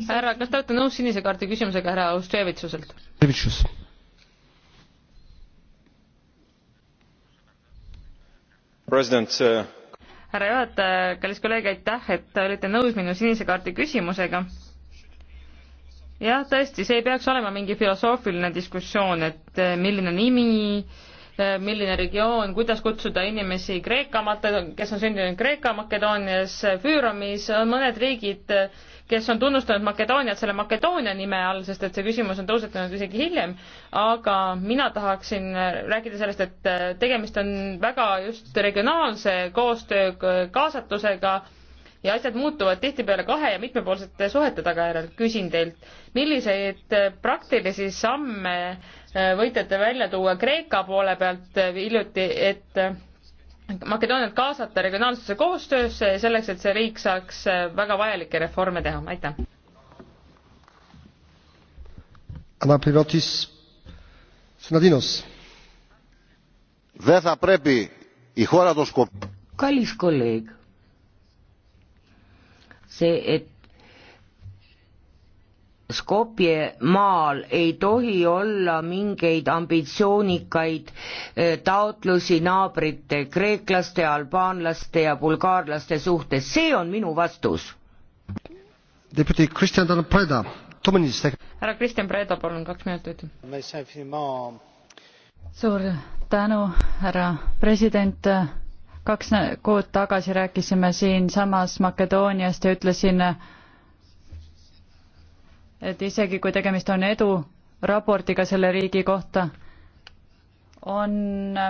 härra, kas te olete nõus sinise kaardi küsimusega härra Austrevitsuselt? Austrevitsus Äh, härra juhataja, kallis kolleeg, aitäh, et olite nõus minu sinise kaardi küsimusega. jah, tõesti, see ei peaks olema mingi filosoofiline diskussioon, et äh, milline nimi, äh, milline regioon, kuidas kutsuda inimesi Kreeka, kes on sündinud Kreeka-Makedoonias, Füüromis, on mõned riigid, kes on tunnustanud Makedooniat selle Makedoonia nime all, sest et see küsimus on tõusetunud isegi hiljem, aga mina tahaksin rääkida sellest, et äh, tegemist on väga just regionaalse koostöö kaasatusega ja asjad muutuvad tihtipeale kahe- ja mitmepoolsete suhete tagajärjel. küsin teilt, milliseid äh, praktilisi samme äh, võite te välja tuua Kreeka poole pealt hiljuti, et Makedooniat kaasata regionaalsesse koostöösse ja selleks, et see riik saaks äh, väga vajalikke reforme teha, aitäh. Αναπληρωτής Συναντίνος. Δεν θα πρέπει η χώρα των Σκοπίων. Καλής κολέγ. Σε Skopje maal ei tohi olla mingeid ambitsioonikaid eh, taotlusi naabrite kreeklaste, albaanlaste ja bulgaarlaste suhtes, see on minu vastus. deputi Kristjan Tanel Preda, two minutes. härra Kristjan Preda, palun kaks minutit. suur tänu, härra president kaks kuud tagasi rääkisime siinsamas Makedooniast ja ütlesin et isegi kui tegemist on eduraportiga selle riigi kohta, on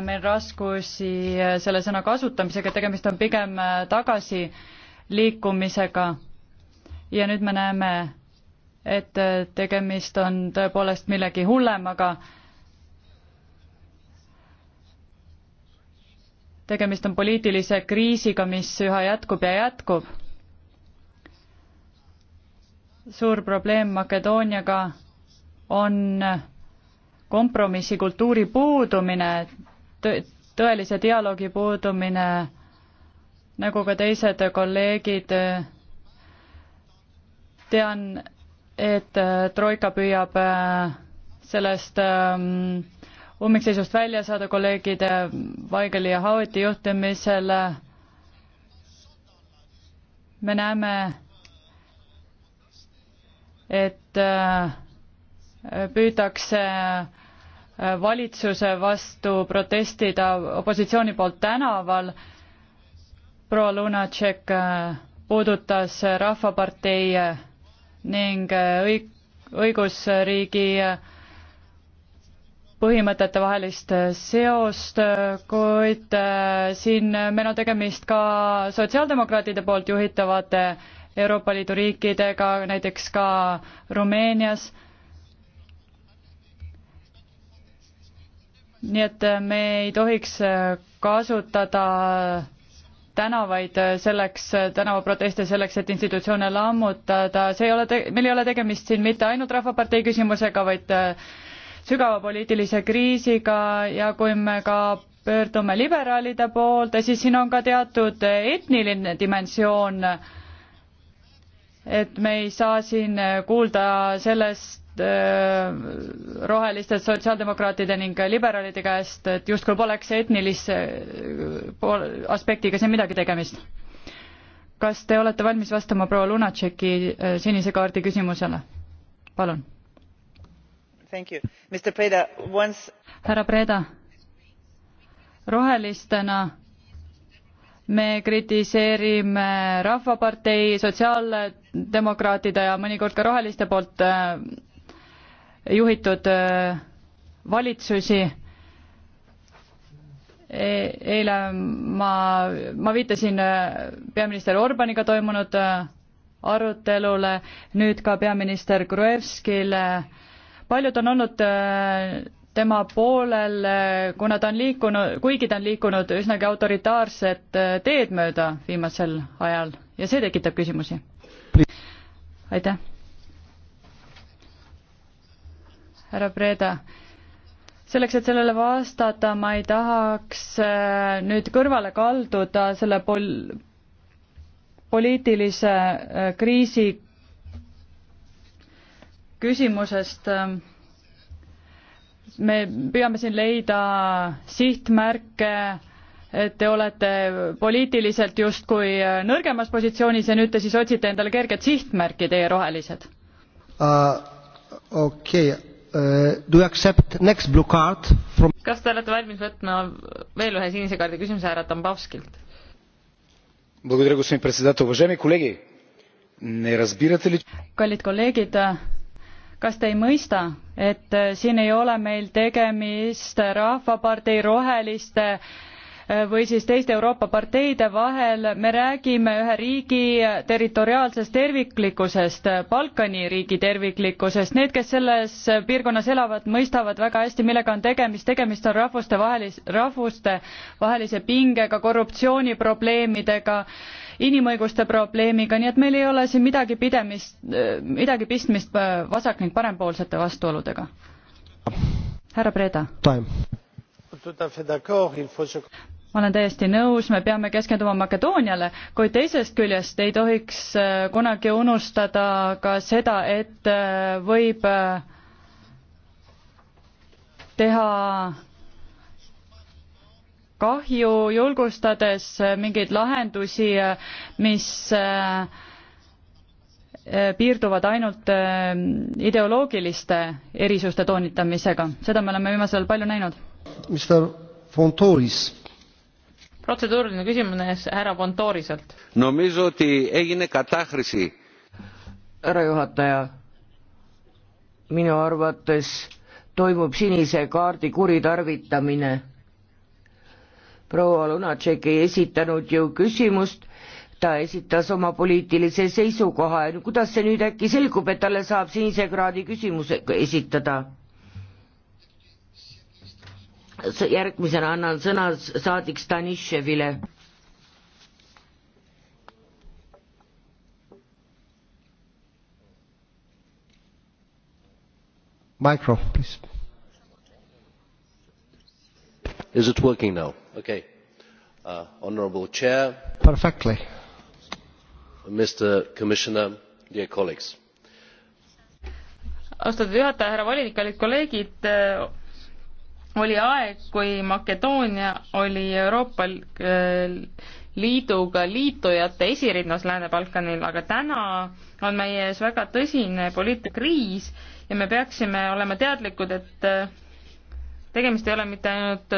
meil raskusi selle sõna kasutamisega, tegemist on pigem tagasiliikumisega. ja nüüd me näeme, et tegemist on tõepoolest millegi hullemaga. tegemist on poliitilise kriisiga, mis üha jätkub ja jätkub suur probleem Makedooniaga on kompromissikultuuri puudumine, tõelise dialoogi puudumine, nagu ka teised kolleegid. tean, et äh, Troika püüab äh, sellest ähm, ummikseisust välja saada kolleegide äh, Vaigeli ja Haueti juhtimisel. me näeme et äh, püütakse äh, valitsuse vastu protestida opositsiooni poolt tänaval. proua Lunatšek äh, puudutas Rahvapartei ning õig-, õigusriigi põhimõtete vahelist seost, kuid siin meil on tegemist ka sotsiaaldemokraatide poolt juhitavate Euroopa Liidu riikidega, näiteks ka Rumeenias. nii et me ei tohiks kasutada tänavaid selleks, tänavaproteste selleks, et institutsioone lammutada, see ei ole, meil ei ole tegemist siin mitte ainult Rahvapartei küsimusega, vaid äh, sügava poliitilise kriisiga ja kui me ka pöördume liberaalide poolde, siis siin on ka teatud etniline dimensioon äh, et me ei saa siin äh, kuulda sellest äh, rohelistest sotsiaaldemokraatide ning liberaalide käest, et justkui poleks etnilise äh, aspektiga siin midagi tegemist. kas te olete valmis vastama proua Lunatšeki sinise kaardi küsimusele? palun. härra Preda, rohelistena me kritiseerime Rahvapartei, sotsiaaldemokraatide ja mõnikord ka roheliste poolt äh, juhitud äh, valitsusi. E-, eile ma, ma viitasin äh, peaminister Orbaniga toimunud arutelule, nüüd ka peaminister Gruevskile. paljud on olnud tema poolel, kuna ta on liikunud, kuigi ta on liikunud üsnagi autoritaarset äh, teed mööda viimasel ajal ja see tekitab küsimusi. aitäh. härra Breda, selleks, et sellele vastata, ma ei tahaks äh, nüüd kõrvale kalduda selle pol-, poliitilise äh, kriisi küsimusest äh, me püüame siin leida sihtmärke, et te olete poliitiliselt justkui nõrgemas positsioonis ja nüüd te siis otsite endale kerget sihtmärki, teie rohelised uh,. okei okay. uh,, eh, do you accept next blue card from kas te olete valmis võtma veel ühe sinise kaardi küsimuse härra Dombovskilt? kallid kolleegid kas te ei mõista, et äh, siin ei ole meil tegemist äh, Rahvapartei roheliste äh, või siis teiste Euroopa parteide vahel, me räägime ühe riigi territoriaalsest terviklikkusest, Balkani riigi terviklikkusest, need, kes selles piirkonnas elavad, mõistavad väga hästi, millega on tegemist, tegemist on rahvuste vahelis-, rahvuste vahelise pingega, korruptsiooniprobleemidega, inimõiguste probleemiga, nii et meil ei ole siin midagi pidemist, midagi pistmist äh, vasak- ning parempoolsete vastuoludega. härra Preda. ma olen täiesti nõus, me peame keskenduma Makedooniale, kuid teisest küljest ei tohiks äh, kunagi unustada ka seda, et äh, võib teha kahju, julgustades mingeid lahendusi, mis eh, piirduvad ainult eh, ideoloogiliste erisuste toonitamisega, seda me oleme viimasel ajal palju näinud. Mr Fontoris. protseduuriline küsimus härra Fontoriselt. härra juhataja, minu arvates toimub sinise kaardi kuritarvitamine proua Lunatšek ei esitanud ju küsimust, ta esitas oma poliitilise seisukoha ja kuidas see nüüd äkki selgub, et talle saab sinise kraadi küsimuse esitada? järgmisena annan sõna saadik Staniševile. Micro, please. Is it working now? Okay. Uh, honourable chair Perfectly. mr commissioner dear colleagues austatud juhataja härra volinik kallid kolleegid äh, oli aeg kui makedoonia oli euroopa äh, liiduga liitujate esirinnas lääne balkanil aga täna on meie ees väga tõsine poliitikakriis ja me peaksime olema teadlikud et äh, tegemist ei ole mitte ainult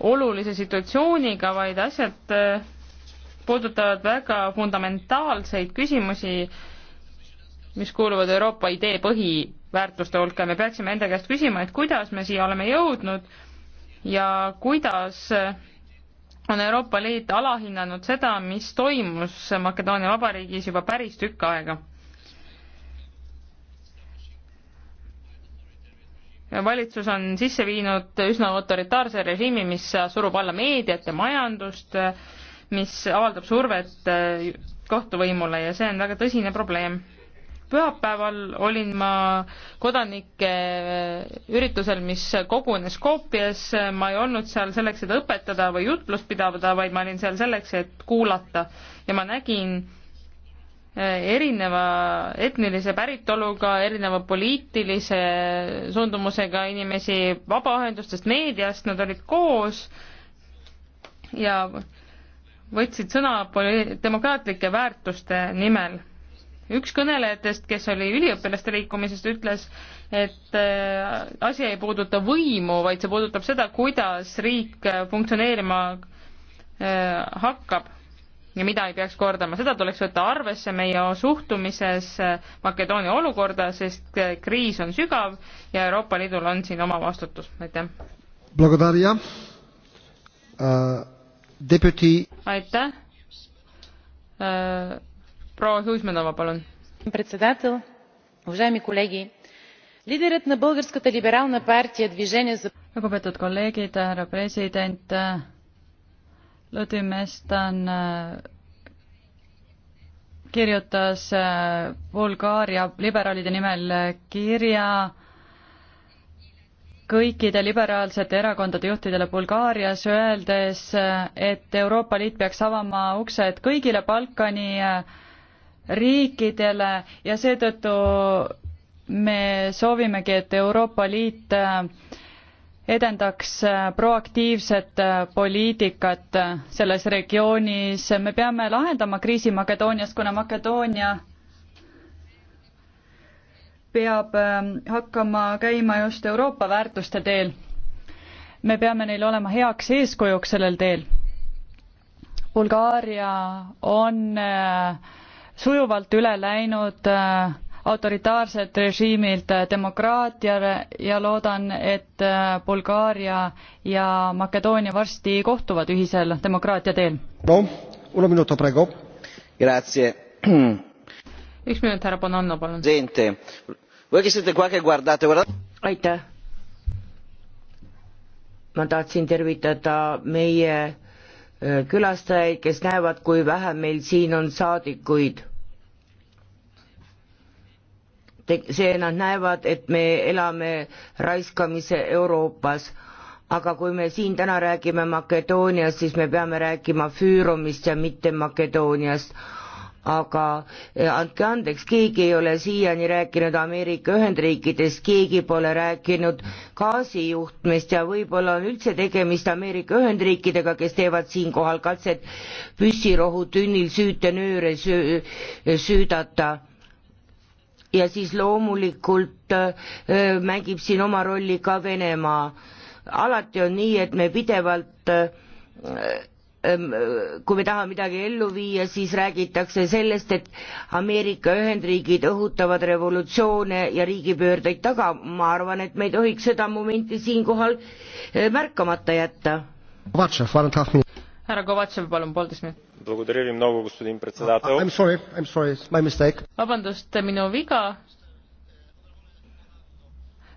olulise situatsiooniga, vaid asjad äh, puudutavad väga fundamentaalseid küsimusi, mis kuuluvad Euroopa idee põhiväärtuste hulka ja me peaksime enda käest küsima, et kuidas me siia oleme jõudnud ja kuidas äh, on Euroopa Liit alahinnanud seda, mis toimus Makedoonia Vabariigis juba päris tükk aega valitsus on sisse viinud üsna autoritaarse režiimi, mis surub alla meediat ja majandust, mis avaldab survet äh, kohtuvõimule ja see on väga tõsine probleem. pühapäeval olin ma kodanike äh, üritusel, mis kogunes Skopjes, ma ei olnud seal selleks, et õpetada või jutlust pidada, vaid ma olin seal selleks, et kuulata ja ma nägin, Eh, erineva etnilise päritoluga, erineva poliitilise suundumusega inimesi vabaühendustest, meediast, nad olid koos ja võtsid sõna demokraatlike väärtuste nimel. üks kõnelejatest, kes oli üliõpilaste liikumisest, ütles, et eh, asi ei puuduta võimu, vaid see puudutab seda, kuidas riik eh, funktsioneerima hakkab ja mida ei peaks kordama, seda tuleks võtta arvesse meie suhtumises äh, Makedoonia olukorda, sest äh, kriis on sügav ja Euroopa Liidul on siin oma vastutus, aitäh. Äh, Deputy... aitäh. proua Suusmanova, palun. lugupeetud kolleegid, härra president Lõdimestan äh, kirjutas äh, Bulgaaria liberaalide nimel äh, kirja kõikide liberaalsete erakondade juhtidele Bulgaarias, öeldes, et Euroopa Liit peaks avama uksed kõigile Balkani riikidele ja seetõttu me soovimegi, et Euroopa Liit äh, edendaks äh, proaktiivset äh, poliitikat äh, selles regioonis. me peame lahendama kriisi Makedoonias, kuna Makedoonia peab ähm, hakkama käima just Euroopa väärtuste teel. me peame neile olema heaks eeskujuks sellel teel. Bulgaaria on sujuvalt üle läinud äh, autoritaarselt režiimilt demokraatiale ja loodan, et Bulgaaria ja Makedoonia varsti kohtuvad ühisel demokraatia teel. no, uno minuto prego. Grazie. üks minut, härra Bonanno, palun. aitäh. ma tahtsin tervitada meie äh, külastajaid, kes näevad, kui vähe meil siin on saadikuid see nad näevad, et me elame raiskamise Euroopas. aga kui me siin täna räägime Makedooniast, siis me peame rääkima Füürumist ja mitte Makedooniast aga eh, andke andeks, keegi ei ole siiani rääkinud Ameerika Ühendriikidest, keegi pole rääkinud gaasijuhtmest ja võib-olla on üldse tegemist Ameerika Ühendriikidega, kes teevad siinkohal katset püssirohutünnil süütenööre süü, süüdata ja siis loomulikult mängib siin oma rolli ka Venemaa. alati on nii, et me pidevalt kui me tahame midagi ellu viia, siis räägitakse sellest, et Ameerika Ühendriigid õhutavad revolutsioone ja riigipöördeid taga, ma arvan, et me ei tohiks seda momenti siinkohal märkamata jätta härra Kovatšev, palun, poolteist minutit. vabandust, minu viga.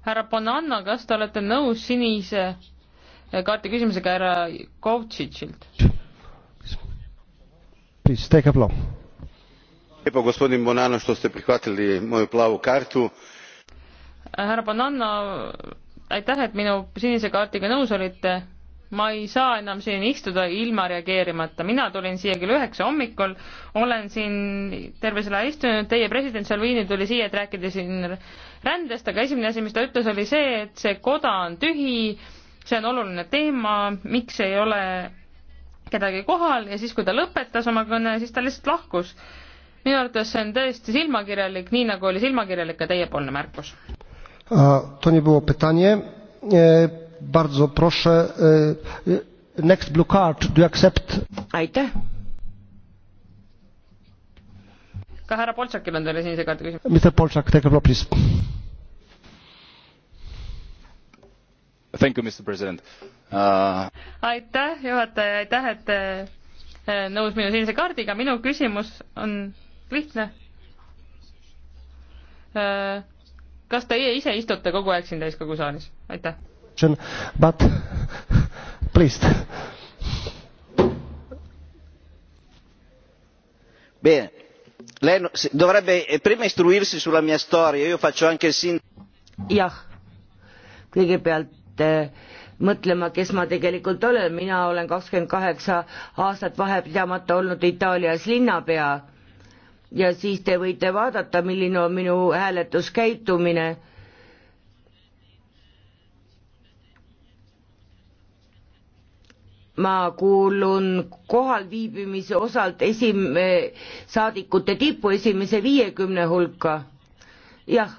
härra Bonanno, kas te olete nõus sinise kaarti küsimusega härra Kovtšitšilt? gospodin Bonanno, što ste prihvatili moju plavu kartu. härra Bonanno, aitäh, et minu sinise kaardiga nõus olite ma ei saa enam siin istuda ilma reageerimata, mina tulin siia kell üheksa hommikul, olen siin terve selle aja istunud, teie president Salvini tuli siia, et rääkida siin rändest, aga esimene asi, mis ta ütles, oli see, et see koda on tühi, see on oluline teema, miks ei ole kedagi kohal ja siis, kui ta lõpetas oma kõne, siis ta lihtsalt lahkus. minu arvates see on tõesti silmakirjalik, nii nagu oli silmakirjalik ka teiepoolne märkus uh,. To nie było pytanie uh bardzo proszę next blue card do you accept aitäh ka härra Poltsakil on teile sinise kaardi küsimus Mr Poltsak take a floor please Thank you Mr President uh... aitäh juhataja aitäh et e, nõus minu sinise kaardiga minu küsimus on lihtne e, kas teie ise istute kogu aeg siin täiskogu saalis aitäh question but please bene lei dovrebbe eh, prima istruirsi sulla mia storia io faccio anche il sindaco jah kõigepealt eh, mõtlema kes ma tegelikult olen mina olen kakskümmend kaheksa aastat vahepidamata olnud itaalias linnapea ja siis te võite vaadata milline on minu hääletuskäitumine ma kuulun kohalviibimise osalt esim-, saadikute tipu esimese viiekümne hulka. jah,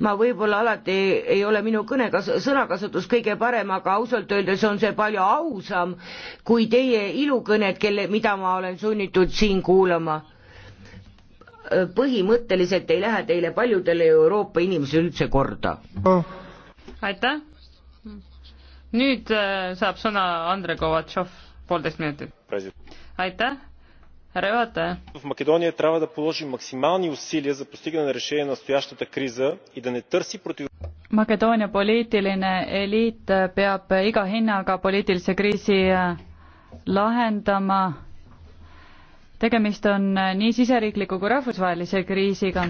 ma võib-olla alati ei, ei ole minu kõnekas-, sõnakasutus kõige parem, aga ausalt öeldes on see palju ausam kui teie ilukõned, kelle, mida ma olen sunnitud siin kuulama. põhimõtteliselt ei lähe teile paljudele Euroopa inimesele üldse korda oh.. aitäh nüüd äh, saab sõna Andre Kovatšov, poolteist minutit. aitäh, härra juhataja. В Македония трябва да положи максимални усилия за постигане на решение на настоящата криза и да не търси против... Makedoonia poliitiline eliit peab iga hinnaga poliitilise kriisi lahendama. tegemist on nii siseriikliku kui rahvusvahelise kriisiga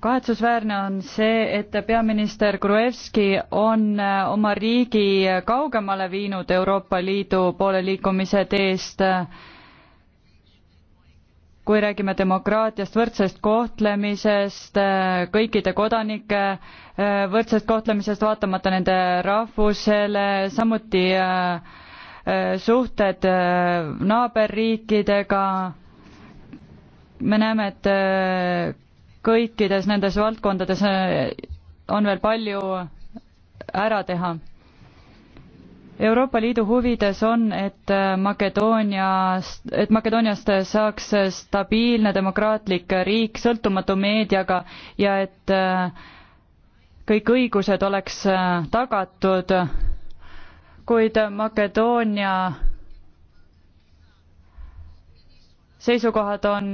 kahetsusväärne on see, et peaminister Gruevski on äh, oma riigi kaugemale viinud Euroopa Liidu poole liikumise teest. kui räägime demokraatiast, võrdsest kohtlemisest, äh, kõikide kodanike äh, võrdsest kohtlemisest, vaatamata nende rahvusele, samuti suhted naaberriikidega, me näeme, et kõikides nendes valdkondades eh, on veel palju ära teha. Euroopa Liidu huvides on, et eh, Makedooniast, et Makedooniast saaks stabiilne demokraatlik riik sõltumatu meediaga ja et eh, kõik õigused oleks tagatud, kuid Makedoonia seisukohad on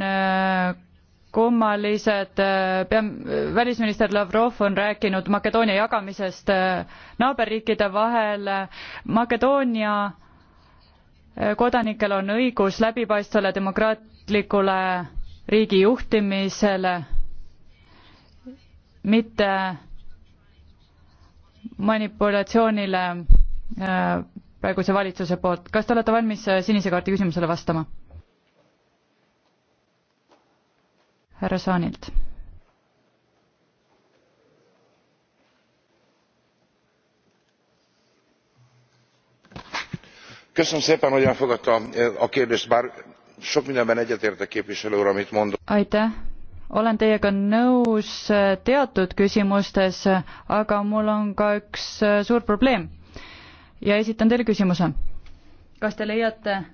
kummalised, pea-, välisminister Lavrov on rääkinud Makedoonia jagamisest äh, naaberriikide vahel, Makedoonia äh, kodanikel on õigus läbipaistvale demokraatlikule riigi juhtimisele, mitte manipulatsioonile äh, praeguse valitsuse poolt. kas te olete valmis sinise kaardi küsimusele vastama? härra Saanilt. köszönöm szépen hogy elfogadta eh, a kérdést bár sok mindenben egyetértek képviselő úr amit mondott. aitäh olen teiega nõus eh, teatud küsimustes eh, aga mul on ka üks suur probleem ja esitan teile küsimuse kas te leiate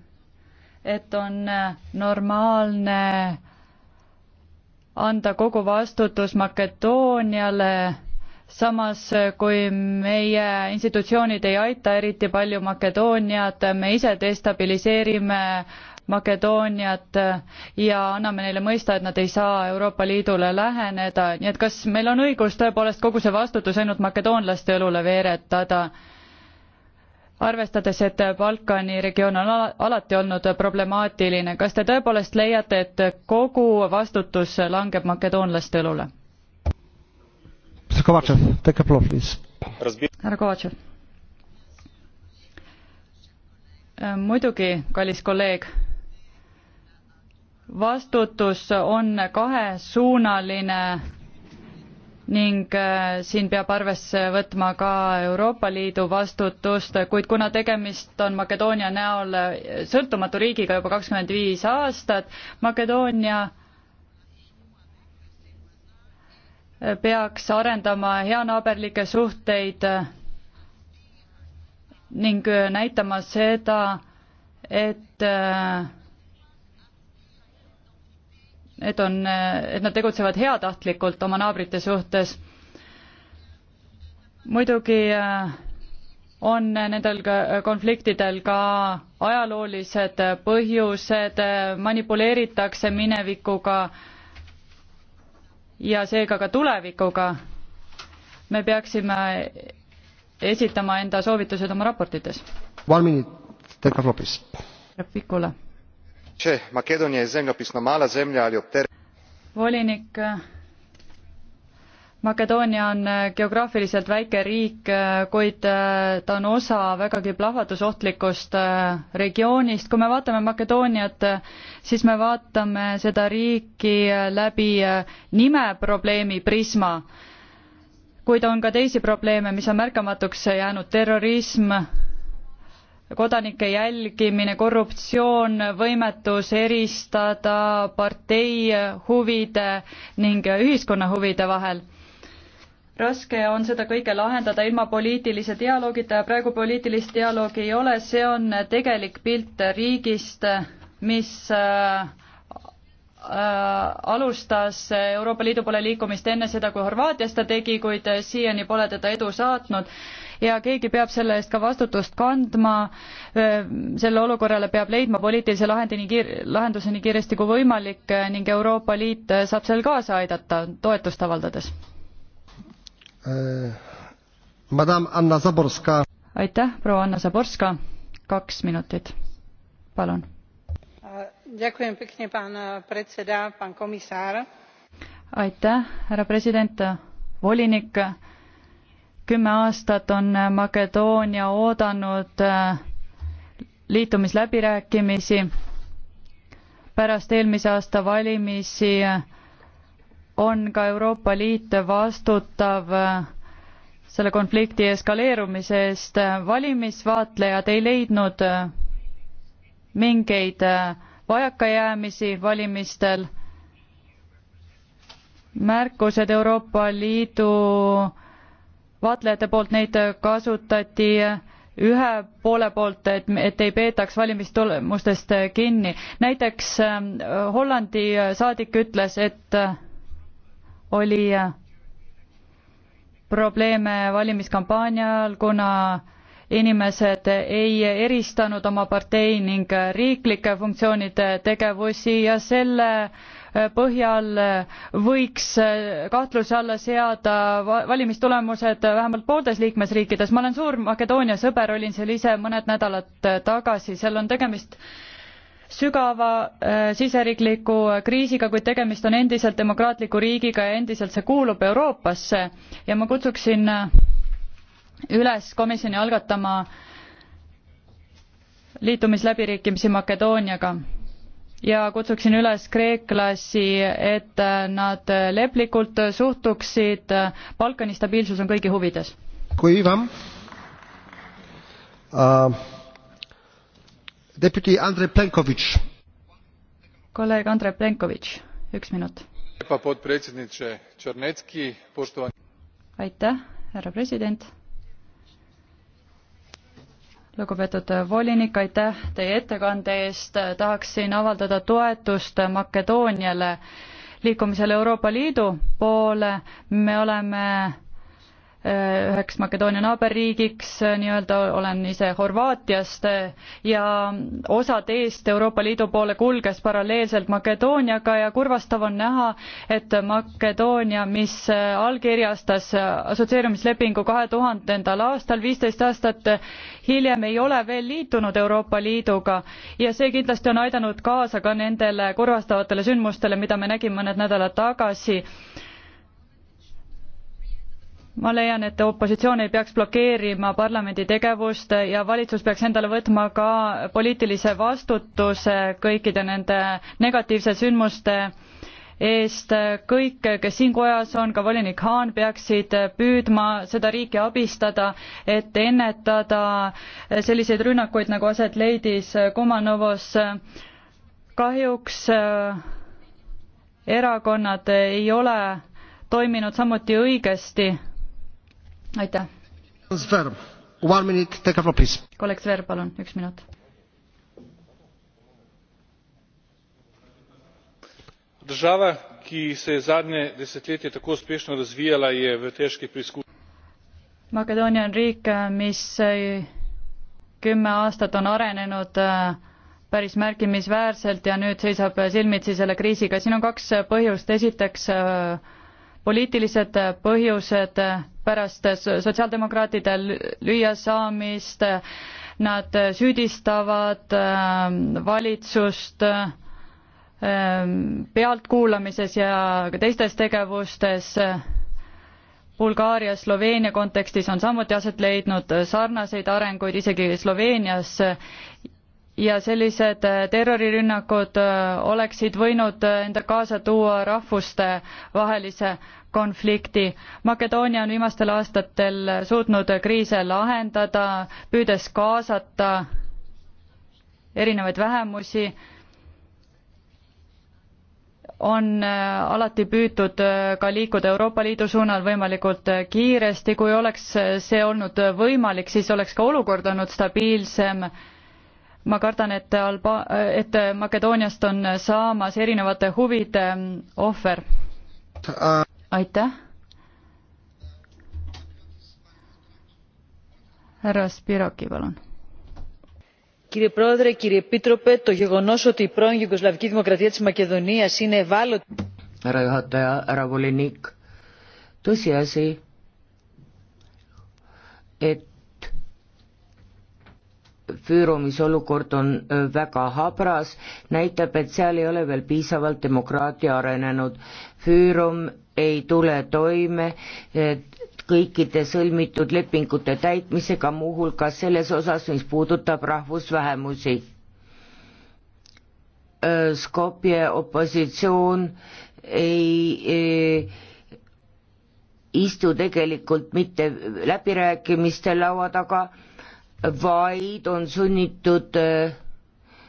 et on normaalne anda kogu vastutus Makedooniale, samas kui meie institutsioonid ei aita eriti palju Makedooniat, me ise destabiliseerime Makedooniat ja anname neile mõista, et nad ei saa Euroopa Liidule läheneda, nii et kas meil on õigus tõepoolest kogu see vastutus ainult makedoonlaste õlule veeretada? arvestades, et Balkani regioon on alati olnud problemaatiline, kas te tõepoolest leiate, et kogu vastutus langeb makedoonlaste õlule? härra Kovatšev. muidugi, kallis kolleeg, vastutus on kahesuunaline ning äh, siin peab arvesse võtma ka Euroopa Liidu vastutust, kuid kuna tegemist on Makedoonia näol äh, sõltumatu riigiga juba kakskümmend viis aastat, Makedoonia äh, peaks arendama heanaaberlikke suhteid ning näitama seda, et äh, et on, et nad tegutsevad heatahtlikult oma naabrite suhtes. muidugi äh, on nendel äh, konfliktidel ka ajaloolised põhjused, äh, manipuleeritakse minevikuga ja seega ka tulevikuga. me peaksime esitama enda soovitused oma raportites. One minute, Stefan Lopis. Pikula volinik makedoonia on eh, geograafiliselt väike riik eh, kuid eh, ta on osa vägagi plahvatusohtlikust regioonist kui me vaatame makedooniat siis me vaatame seda riiki läbi nimeprobleemi prisma kuid on ka teisi probleeme mis on märkamatuks jäänud terrorism kodanike jälgimine, korruptsioon, võimetus eristada partei huvide ning ühiskonna huvide vahel. raske on seda kõike lahendada ilma poliitilise dialoogita ja praegu poliitilist dialoogi ei ole, see on tegelik pilt riigist, mis äh, alustas Euroopa Liidu poole liikumist enne seda, kui Horvaatias ta tegi, kuid siiani pole teda edu saatnud ja keegi peab selle eest ka vastutust kandma. selle olukorrale peab leidma poliitilise lahendini kiir-, lahenduse nii kiiresti kui võimalik ning Euroopa Liit saab seal kaasa aidata, toetust avaldades. Äh, madame Anna Zaborska. aitäh, proua Anna Zaborska, kaks minutit, palun. Äh, äh, aitäh, härra president, volinik kümme aastat on Makedoonia oodanud äh, liitumisläbirääkimisi. pärast eelmise aasta valimisi on ka Euroopa Liit vastutav äh, selle konflikti eskaleerumise eest. valimisvaatlejad ei leidnud äh, mingeid vajakajäämisi valimistel. märkused Euroopa Liidu vaatlejate poolt neid kasutati ühe poole poolt, et, et ei peetaks valimistulemustest kinni. näiteks ähm, Hollandi saadik ütles, et oli äh, probleeme valimiskampaanial, kuna inimesed ei eristanud oma partei ning riiklike funktsioonide tegevusi ja selle äh, Äh, põhjal äh, võiks äh, kahtluse alla seada valimistulemused vähemalt pooltes liikmesriikides. ma olen suur Makedoonia sõber, olin seal ise mõned nädalad tagasi, seal on tegemist sügava siseriikliku kriisiga, kuid tegemist on endiselt demokraatliku riigiga ja endiselt see kuulub Euroopasse ja ma kutsuksin üles komisjoni algatama liitumisläbirääkimisi Makedooniaga ja kutsuksin üles kreeklasi, et nad leplikult suhtuksid, Balkani stabiilsus on kõigi huvides. kui vam uh,. Äh, deputy Andrei Plenkovitš. kolleeg Andrei Plenkovitš, üks minut. aitäh, härra president lugupeetud äh, volinik, aitäh teie ettekande eest, tahaksin avaldada toetust Makedooniale liikumisel Euroopa Liidu poole, me oleme üheks Makedoonia naaberriigiks nii-öelda, olen ise Horvaatiast ja osa teest Euroopa Liidu poole kulges paralleelselt Makedooniaga ja kurvastav on näha, et Makedoonia, mis allkirjastas assotsieerumislepingu kahe tuhandendal aastal, viisteist aastat hiljem ei ole veel liitunud Euroopa Liiduga ja see kindlasti on aidanud kaasa ka nendele kurvastavatele sündmustele, mida me nägime mõned nädalad tagasi ma leian, et opositsioon ei peaks blokeerima parlamendi tegevust ja valitsus peaks endale võtma ka poliitilise vastutuse kõikide nende negatiivse sündmuste eest. kõik, kes siin kojas on, ka volinik Haan, peaksid püüdma seda riiki abistada, et ennetada selliseid rünnakuid, nagu aset leidis Kumanovos. kahjuks eh, erakonnad ei ole toiminud samuti õigesti aitäh. kolleeg Sver, palun, üks minut. država ki se je zadnje desetletje tako uspešno razvijala je v težki preizkušnji. makedoonia on riik mis eh, kümme aastat on arenenud eh, päris märkimisväärselt ja nüüd seisab silmitsi selle kriisiga. siin on kaks põhjust esiteks eh, poliitilised põhjused pärast sotsiaaldemokraatide lüüasaamist, nad süüdistavad ähm, valitsust ähm, pealtkuulamises ja ka teistes tegevustes. Bulgaaria, Sloveenia kontekstis on samuti aset leidnud sarnaseid arenguid, isegi Sloveenias ja sellised äh, terrorirünnakud äh, oleksid võinud äh, enda kaasa tuua rahvustevahelise konflikti. Makedoonia on viimastel aastatel suutnud kriise lahendada, püüdes kaasata erinevaid vähemusi, on alati püütud ka liikuda Euroopa Liidu suunal võimalikult kiiresti, kui oleks see olnud võimalik, siis oleks ka olukord olnud stabiilsem ma kardan, et Alba-, et Makedooniast on saamas erinevate huvide ähm, ohver. aitäh. härra Spiroki, palun. Κύριε Πρόεδρε, κύριε Επίτροπε, το γεγονός ότι η πρώην Ιουγκοσλαβική Δημοκρατία της Μακεδονίας είναι ευάλωτη... Härra juhataja, härra volinik, tõsiasi, et pöörumisolukord on väga habras, näitab, et seal ei ole veel piisavalt demokraatia arenenud. Füürum ei tule toime e, kõikide sõlmitud lepingute täitmisega, muuhulgas selles osas, mis puudutab rahvusvähemusi. Skopje opositsioon ei, ei istu tegelikult mitte läbirääkimiste laua taga, vaid on sunnitud äh,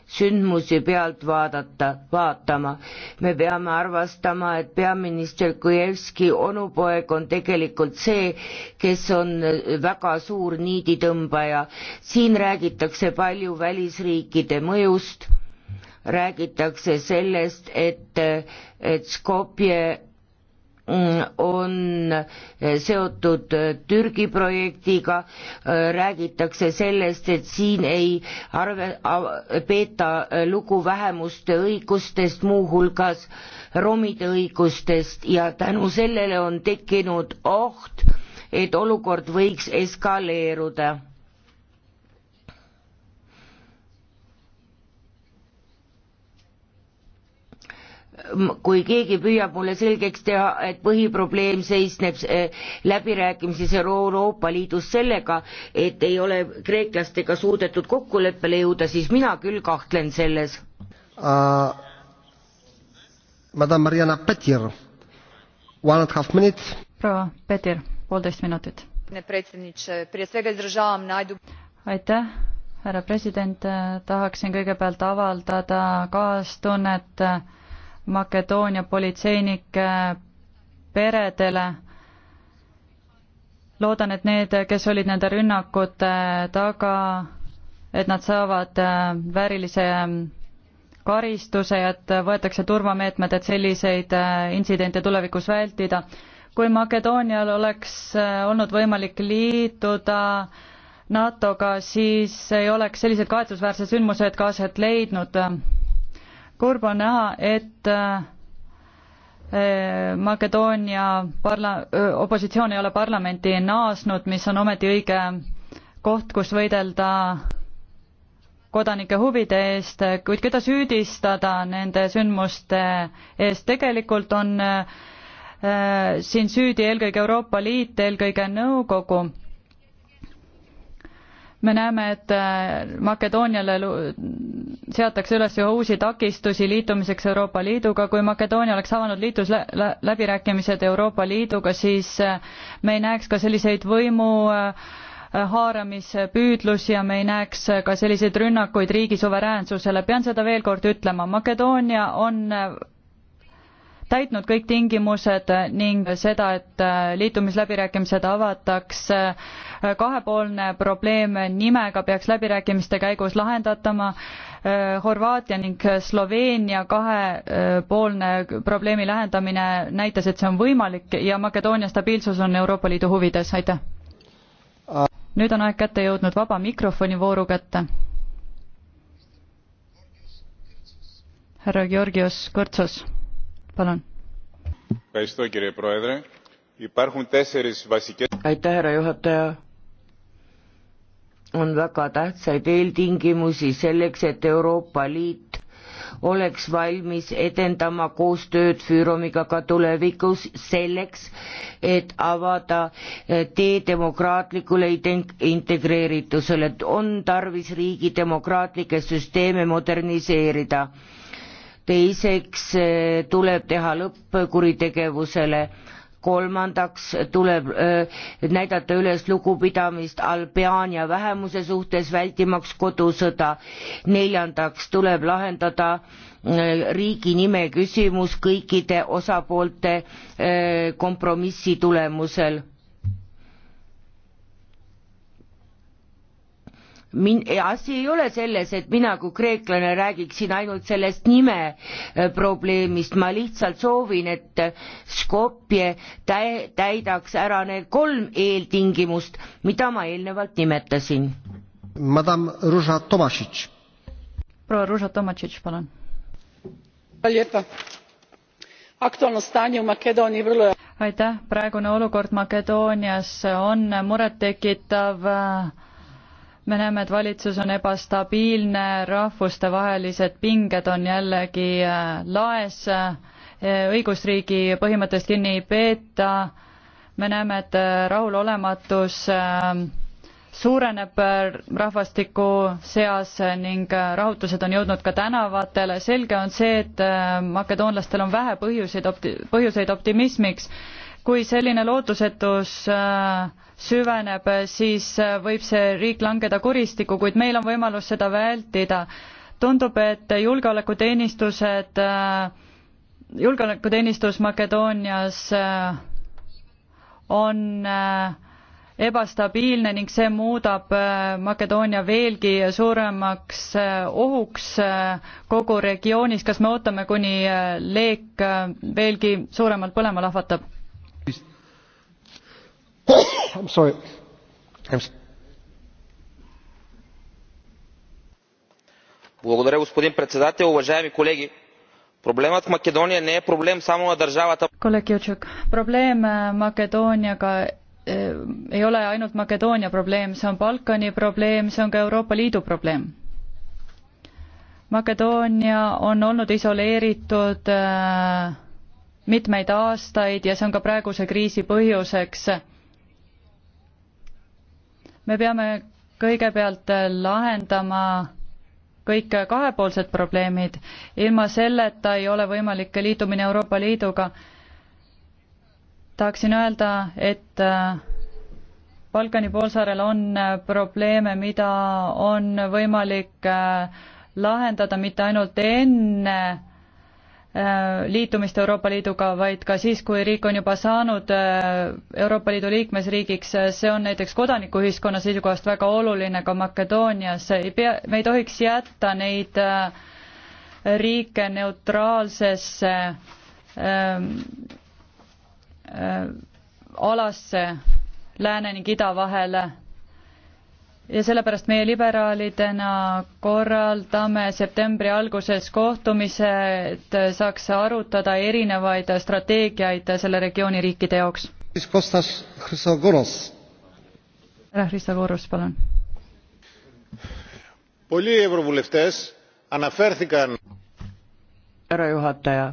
sündmusi pealt vaadata, vaatama. me peame arvestama, et peaminister Kujevski onupoeg on tegelikult see, kes on äh, väga suur niiditõmbaja. siin räägitakse palju välisriikide mõjust, räägitakse sellest, et, äh, et Skopje on seotud Türgi projektiga, räägitakse sellest, et siin ei arve, peeta lugu vähemuste õigustest, muuhulgas romide õigustest ja tänu sellele on tekkinud oht, et olukord võiks eskaleeruda kui keegi püüab mulle selgeks teha, et põhiprobleem seisneb eh, läbirääkimises Euroopa Liidus sellega, et ei ole kreeklastega suudetud kokkuleppele jõuda, siis mina küll kahtlen selles uh,. Madame Mariana Petir, one and a half minute. proua Petir, poolteist minutit. aitäh härra president, tahaksin kõigepealt avaldada kaastunnet Makedoonia politseinike peredele. loodan, et need, kes olid nende rünnakute taga, et nad saavad äh, väärilise ähm, karistuse ja et võetakse turvameetmed, et selliseid äh, intsidente tulevikus vältida. kui Makedoonial oleks äh, olnud võimalik liituda NATO-ga, siis ei oleks sellised kahetsusväärsed sündmused ka aset leidnud kurb on näha, et eh, Makedoonia parla-, eh, opositsioon ei ole parlamenti naasnud, mis on ometi õige koht, kus võidelda kodanike huvide eest, kuid keda süüdistada nende sündmuste eest, tegelikult on eh, siin süüdi eelkõige Euroopa Liit, eelkõige nõukogu me näeme, et äh, Makedooniale seatakse üles üha uusi takistusi liitumiseks Euroopa Liiduga, kui Makedoonia oleks avanud liitlusläbirääkimised Euroopa Liiduga, siis äh, me ei näeks ka selliseid võimu äh, haaramispüüdlus ja me ei näeks ka selliseid rünnakuid riigi suveräänsusele. pean seda veel kord ütlema, Makedoonia on täitnud kõik tingimused ning seda, et äh, liitumisläbirääkimised avatakse. Äh, kahepoolne probleem nimega peaks läbirääkimiste käigus lahendatama. Äh, Horvaatia ning Sloveenia kahepoolne probleemi lahendamine näitas, et see on võimalik ja Makedoonia stabiilsus on Euroopa Liidu huvides, aitäh. nüüd on aeg kätte jõudnud vaba mikrofoni vooru kätte. härra Georgios Kõrtsos palun. aitäh, härra juhataja on väga tähtsaid eeltingimusi selleks, et Euroopa Liit oleks valmis edendama koostööd Füüromiga ka tulevikus selleks, et avada eh, tee demokraatlikule integreeritusele. on tarvis riigi demokraatlikke süsteeme moderniseerida teiseks eh, tuleb teha lõpp kuritegevusele, kolmandaks tuleb öö, eh, näidata üles lugupidamist Albaania vähemuse suhtes, vältimaks kodusõda, neljandaks tuleb lahendada öö, eh, riigi nime küsimus kõikide osapoolte öö, kompromissi tulemusel min-, asi ei ole selles, et mina kui kreeklane räägiksin ainult sellest nime äh, probleemist, ma lihtsalt soovin, et äh, Skopje tä-, täidaks ära need kolm eeltingimust, mida ma eelnevalt nimetasin. Madam Ruža Tomašić. proua Ruža Tomašić, palun. aktuaalne stanje u Makedoniji vrlo je aitäh, praegune olukord Makedoonias on murettekitav äh, me näeme, et valitsus on ebastabiilne, rahvustevahelised pinged on jällegi äh, laes, äh, õigusriigi põhimõttest kinni ei peeta, me näeme, et äh, rahulolematus suureneb rahvastiku seas ning rahutused on jõudnud ka tänavatele. selge on see, et makedoonlastel on vähe põhjuseid opti-, põhjuseid optimismiks kui selline lootusetus äh, süveneb, siis äh, võib see riik langeda kuristikku, kuid meil on võimalus seda vältida. tundub, et julgeolekuteenistused, äh, julgeolekuteenistus Makedoonias on ebastabiilne ning see muudab Makedoonia veelgi suuremaks ohuks kogu regioonis. kas me ootame, kuni leek veelgi suuremalt põlema lahvatab? I'm sorry. I'm... Благодаря, господин председател. Уважаеми колеги, проблемът в Македония не е проблем само на държавата. Колег Ючук, проблем Македоoniaga ei ole ainult Makedoonia probleem, see on Balkani probleem, see on ka Euroopa Liidu probleem. Makedoonia on olnud isoleeritud äh, mitmeid aastaid ja see on ka praeguse kriisi põhjuseks me peame kõigepealt lahendama kõik kahepoolsed probleemid, ilma selleta ei ole võimalik liitumine Euroopa Liiduga. tahaksin öelda, et äh, Balkani poolsaarel on äh, probleeme, mida on võimalik äh, lahendada mitte ainult enne Äh, liitumist Euroopa Liiduga, vaid ka siis, kui riik on juba saanud äh, Euroopa Liidu liikmesriigiks, äh, see on näiteks kodanikuühiskonna seisukohast väga oluline ka Makedoonias, ei pea, me ei tohiks jätta neid riike neutraalsesse ähm, äh, alasse lääne ning ida vahele ja sellepärast meie liberaalidena korraldame septembri alguses kohtumise, et saaks arutada erinevaid strateegiaid selle regiooni riikide jaoks. Kostas Hristogoros. härra Hristogoros, palun. härra juhataja,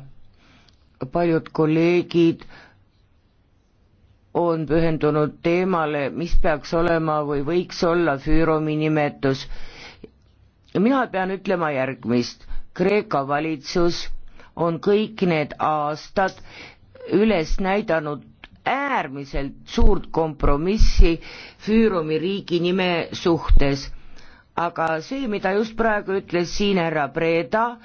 paljud kolleegid on pühendunud teemale, mis peaks olema või võiks olla Füüromi nimetus. mina pean ütlema järgmist, Kreeka valitsus on kõik need aastad üles näidanud äärmiselt suurt kompromissi Füürumi riigi nime suhtes. aga see, mida just praegu ütles siin härra Breda,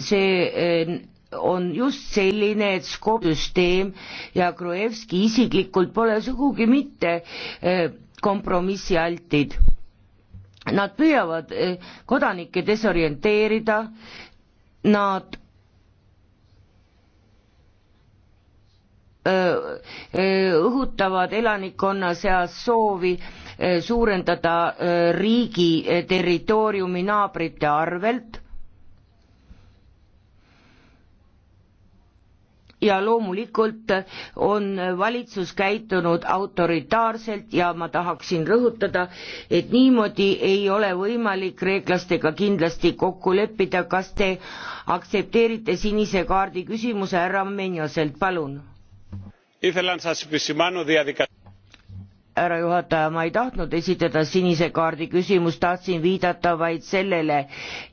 see eh, on just selline, et Skopjusüsteem ja Gruevski isiklikult pole sugugi mitte eh, kompromissialtid. Nad püüavad eh, kodanikke desorienteerida, nad eh, õhutavad elanikkonna seas soovi suurendada riigi territooriumi naabrite arvelt ja loomulikult on valitsus käitunud autoritaarselt ja ma tahaksin rõhutada, et niimoodi ei ole võimalik kreeklastega kindlasti kokku leppida, kas te aktsepteerite sinise kaardi küsimuse härra Menjoselt, palun? härra juhataja, ma ei tahtnud esitada sinise kaardi küsimust, tahtsin viidata vaid sellele,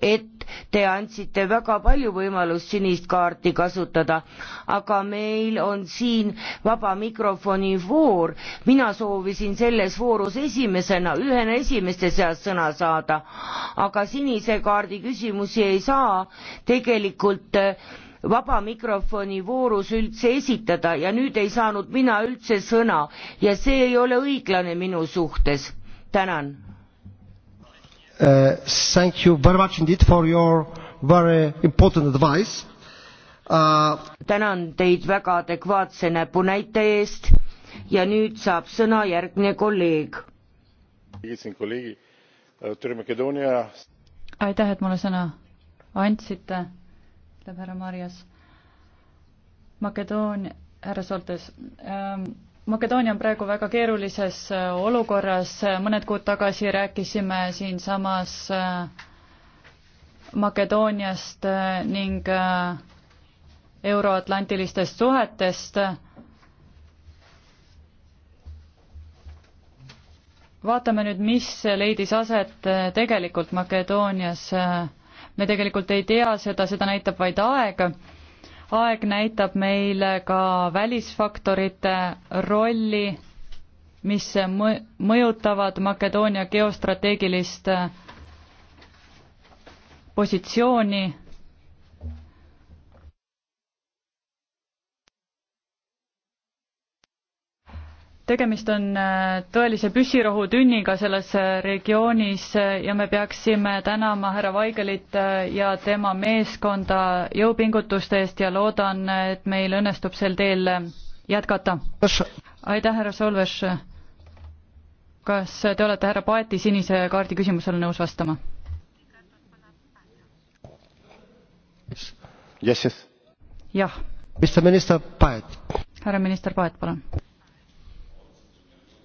et te andsite väga palju võimalust sinist kaarti kasutada, aga meil on siin vaba mikrofoni voor. mina soovisin selles voorus esimesena, ühena esimeste seas sõna saada, aga sinise kaardi küsimusi ei saa tegelikult äh, vaba mikrofoni voorus üldse esitada ja nüüd ei saanud mina üldse sõna ja see ei ole õiglane minu suhtes. tänan uh,. Thank you very much indeed for your very important advice uh.... tänan teid väga adekvaatse näpunäite eest ja nüüd saab sõna järgmine kolleeg. Uh, aitäh, et mulle sõna andsite ütleb härra Marjas. Makedoonia, härra Soltes ähm,. Makedoonia on praegu väga keerulises äh, olukorras, mõned kuud tagasi rääkisime siinsamas äh, Makedooniast äh, ning euroatlantilistest suhetest. vaatame nüüd, mis leidis aset tegelikult Makedoonias me tegelikult ei tea seda, seda näitab vaid aeg. aeg näitab meile ka välisfaktorite rolli, mis mõjutavad Makedoonia geostrateegilist positsiooni tegemist on äh, tõelise püssirohutünniga selles äh, regioonis äh, ja me peaksime tänama härra Vaigelit ja tema meeskonda jõupingutuste eest ja loodan, et meil õnnestub sel teel jätkata. aitäh, härra Solves. kas te olete härra Paeti sinise kaardi küsimusele nõus vastama? jah. härra minister Paet, palun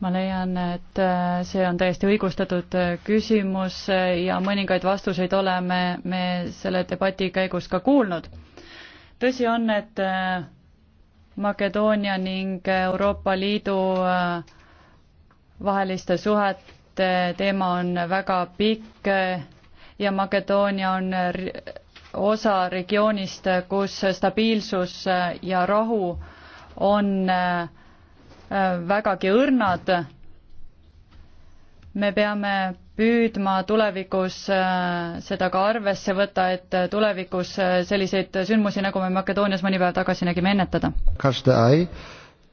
ma leian, et äh, see on täiesti õigustatud äh, küsimus äh, ja mõningaid vastuseid oleme me selle debati käigus ka kuulnud. tõsi on, et Makedoonia ning Euroopa Liidu vaheliste suhete teema on väga pikk ja Makedoonia on osa regioonist, kus stabiilsus ja rahu on äh, vägagi õrnad. me peame püüdma tulevikus äh, seda ka arvesse võtta, et äh, tulevikus äh, selliseid sündmusi, nagu me Makedoonias mõni päev tagasi nägime, ennetada.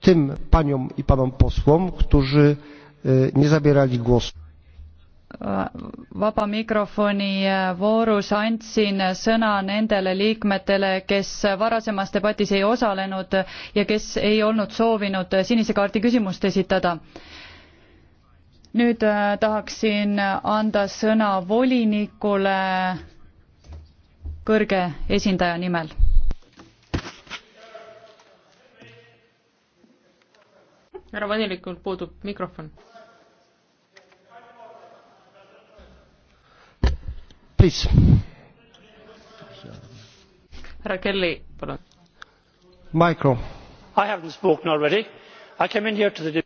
tym paniom i panom posłom, którzy e, nie zabierali głosu vaba mikrofoni voorus andsin sõna nendele liikmetele, kes varasemas debatis ei osalenud ja kes ei olnud soovinud sinise kaardi küsimust esitada. nüüd äh, tahaksin anda sõna volinikule kõrge esindaja nimel härra Vanilikult puudub mikrofon. please. härra Kelly, palun. Micro. I haven't spoken already. I came in here to the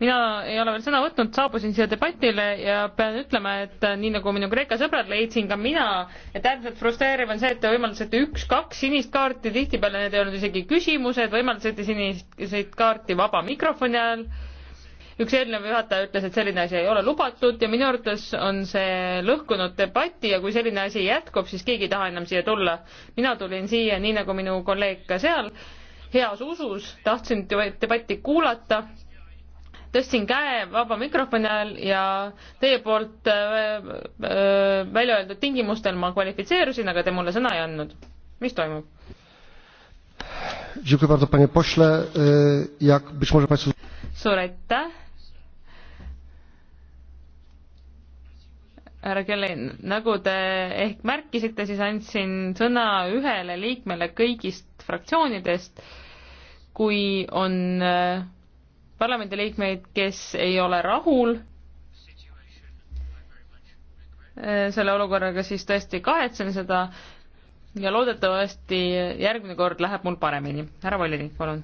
mina ei ole veel sõna võtnud, saabusin siia debatile ja pean ütlema, et äh, nii nagu minu Kreeka sõbrad, leidsin ka mina, et äärmiselt frustreeriv on see, et te võimaldasite üks-kaks sinist kaarti, tihtipeale need ei olnud isegi küsimused, võimaldasite siniseid kaarti vaba mikrofoni ajal üks eelnev juhataja ütles, et selline asi ei ole lubatud ja minu arvates on see lõhkunud debatti ja kui selline asi jätkub, siis keegi ei taha enam siia tulla. mina tulin siia, nii nagu minu kolleeg ka seal, heas usus, tahtsin debatti kuulata, tõstsin käe vaba mikrofoni ajal ja teie poolt äh, äh, välja öeldud tingimustel ma kvalifitseerusin, aga te mulle sõna ei andnud. mis toimub? suur aitäh härra Kelly, nagu te ehk märkisite, siis andsin sõna ühele liikmele kõigist fraktsioonidest, kui on äh, parlamendiliikmeid, kes ei ole rahul äh, selle olukorraga, siis tõesti kahetsen seda ja loodetavasti järgmine kord läheb mul paremini. härra volinik, palun.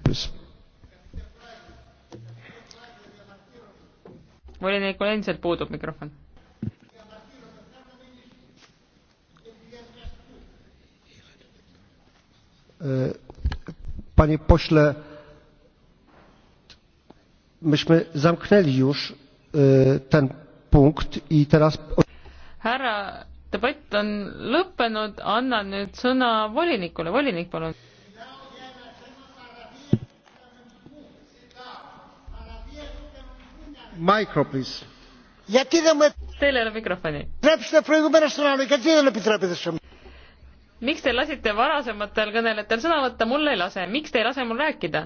volinikul endiselt puudub mikrofon E, panie pośle, myśmy zamknęli już e, ten punkt i teraz... Härra, debatt on lõppenud, annan nüüd sõna volinikule, volinik palun. Micro, please. Teil ei ole mikrofoni miks te lasite varasematel kõnelejatel sõna võtta, mul ei lase, miks te ei lase mul rääkida?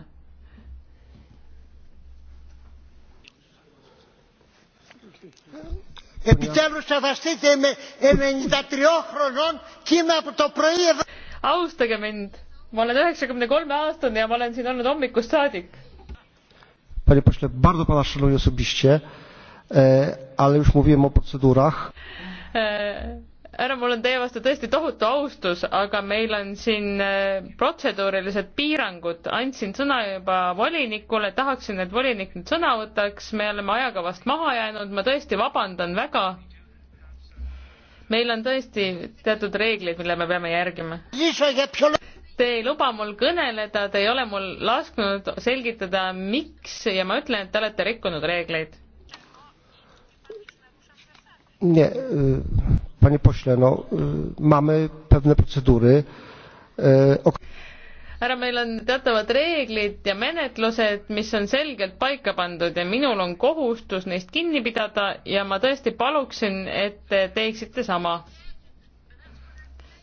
Επιτέλους θα βαστείτε με 93 χρονών και είμαι από το πρωί εδώ. Austage mind. Ma olen 93 aastane ja ma olen siin olnud hommikust saadik. Panie pośle, bardzo pana szanuję osobiście, e, ale już mówiłem o procedurach. E, härra, mul on teie vastu tõesti tohutu austus, aga meil on siin äh, protseduurilised piirangud. andsin sõna juba volinikule, tahaksin, et volinik nüüd sõna võtaks, me oleme ajakavast maha jäänud, ma tõesti vabandan väga. meil on tõesti teatud reeglid, mille me peame järgima. Te ei luba mul kõneleda, te ei ole mul lasknud selgitada, miks ja ma ütlen, et te olete rikkunud reegleid. Yeah, äh, uh panie pośle no mamy pewne procedury härra, meil on teatavad reeglid ja menetlused, mis on selgelt paika pandud ja minul on kohustus neist kinni pidada ja ma tõesti paluksin, et te teeksite sama.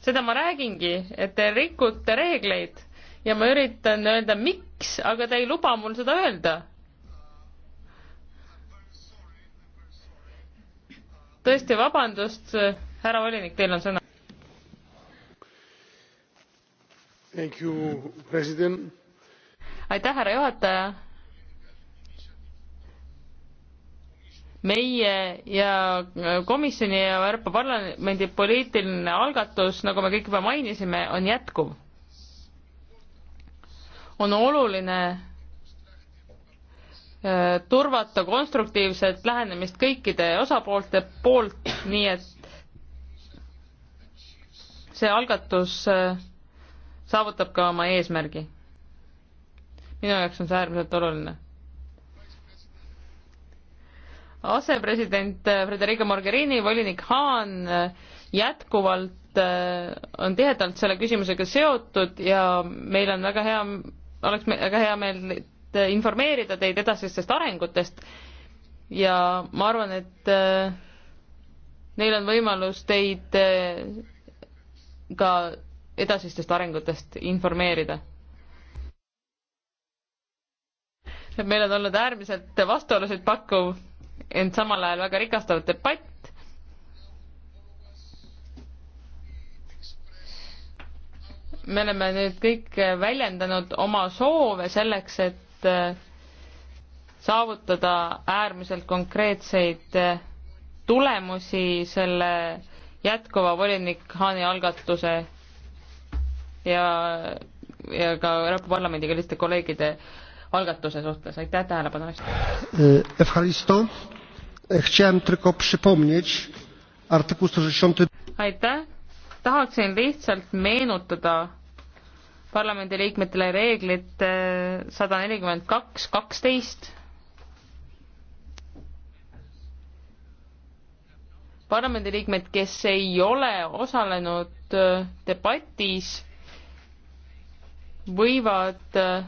seda ma räägingi, et te rikute reegleid ja ma üritan öelda, miks, aga te ei luba mul seda öelda. tõesti, vabandust härra volinik, teil on sõna. aitäh, härra juhataja. meie ja komisjoni ja Euroopa Parlamendi poliitiline algatus, nagu me kõik juba mainisime, on jätkuv. on oluline äh, turvata konstruktiivset lähenemist kõikide osapoolte poolt, nii et see algatus äh, saavutab ka oma eesmärgi. minu jaoks on see äärmiselt oluline. asepresident äh, Federica Mogherini, volinik Haan äh, jätkuvalt on tihedalt selle küsimusega seotud ja meil on väga hea, oleks väga hea meel informeerida teid edasistest arengutest ja ma arvan, et neil on võimalus teid ka edasistest arengutest informeerida. et meil on olnud äärmiselt vastuolusid pakkuv, ent samal ajal väga rikastav debatt. me oleme nüüd kõik väljendanud oma soove selleks, et äh, saavutada äärmiselt konkreetseid äh, tulemusi selle jätkuva volinik Haani algatuse ja, ja ka Euroopa Parlamendiga lihtsalt kolleegide algatuse suhtes, aitäh tähelepanu eest! E, Evharisto, e, chciałem tylko przypomnieć artikul sada šešiasdeset aitäh, tahaksin lihtsalt meenutada parlamendiliikmetele reeglit e, sada nelikümmend kaks kaksteist parlamendiliikmed, kes ei ole osalenud äh, debatis, võivad äh,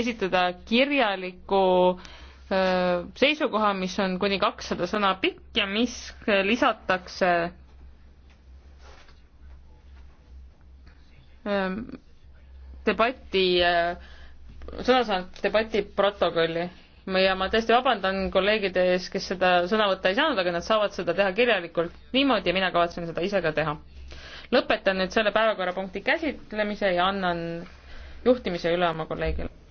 esitada kirjaliku äh, seisukoha, mis on kuni kakssada sõna pikk ja mis lisatakse ähm, debati, sõna-sõnalt debati protokolli ja ma tõesti vabandan kolleegide ees, kes seda sõna võtta ei saanud, aga nad saavad seda teha kirjalikult niimoodi ja mina kavatsen seda ise ka teha. lõpetan nüüd selle päevakorrapunkti käsitlemise ja annan juhtimise üle oma kolleegile.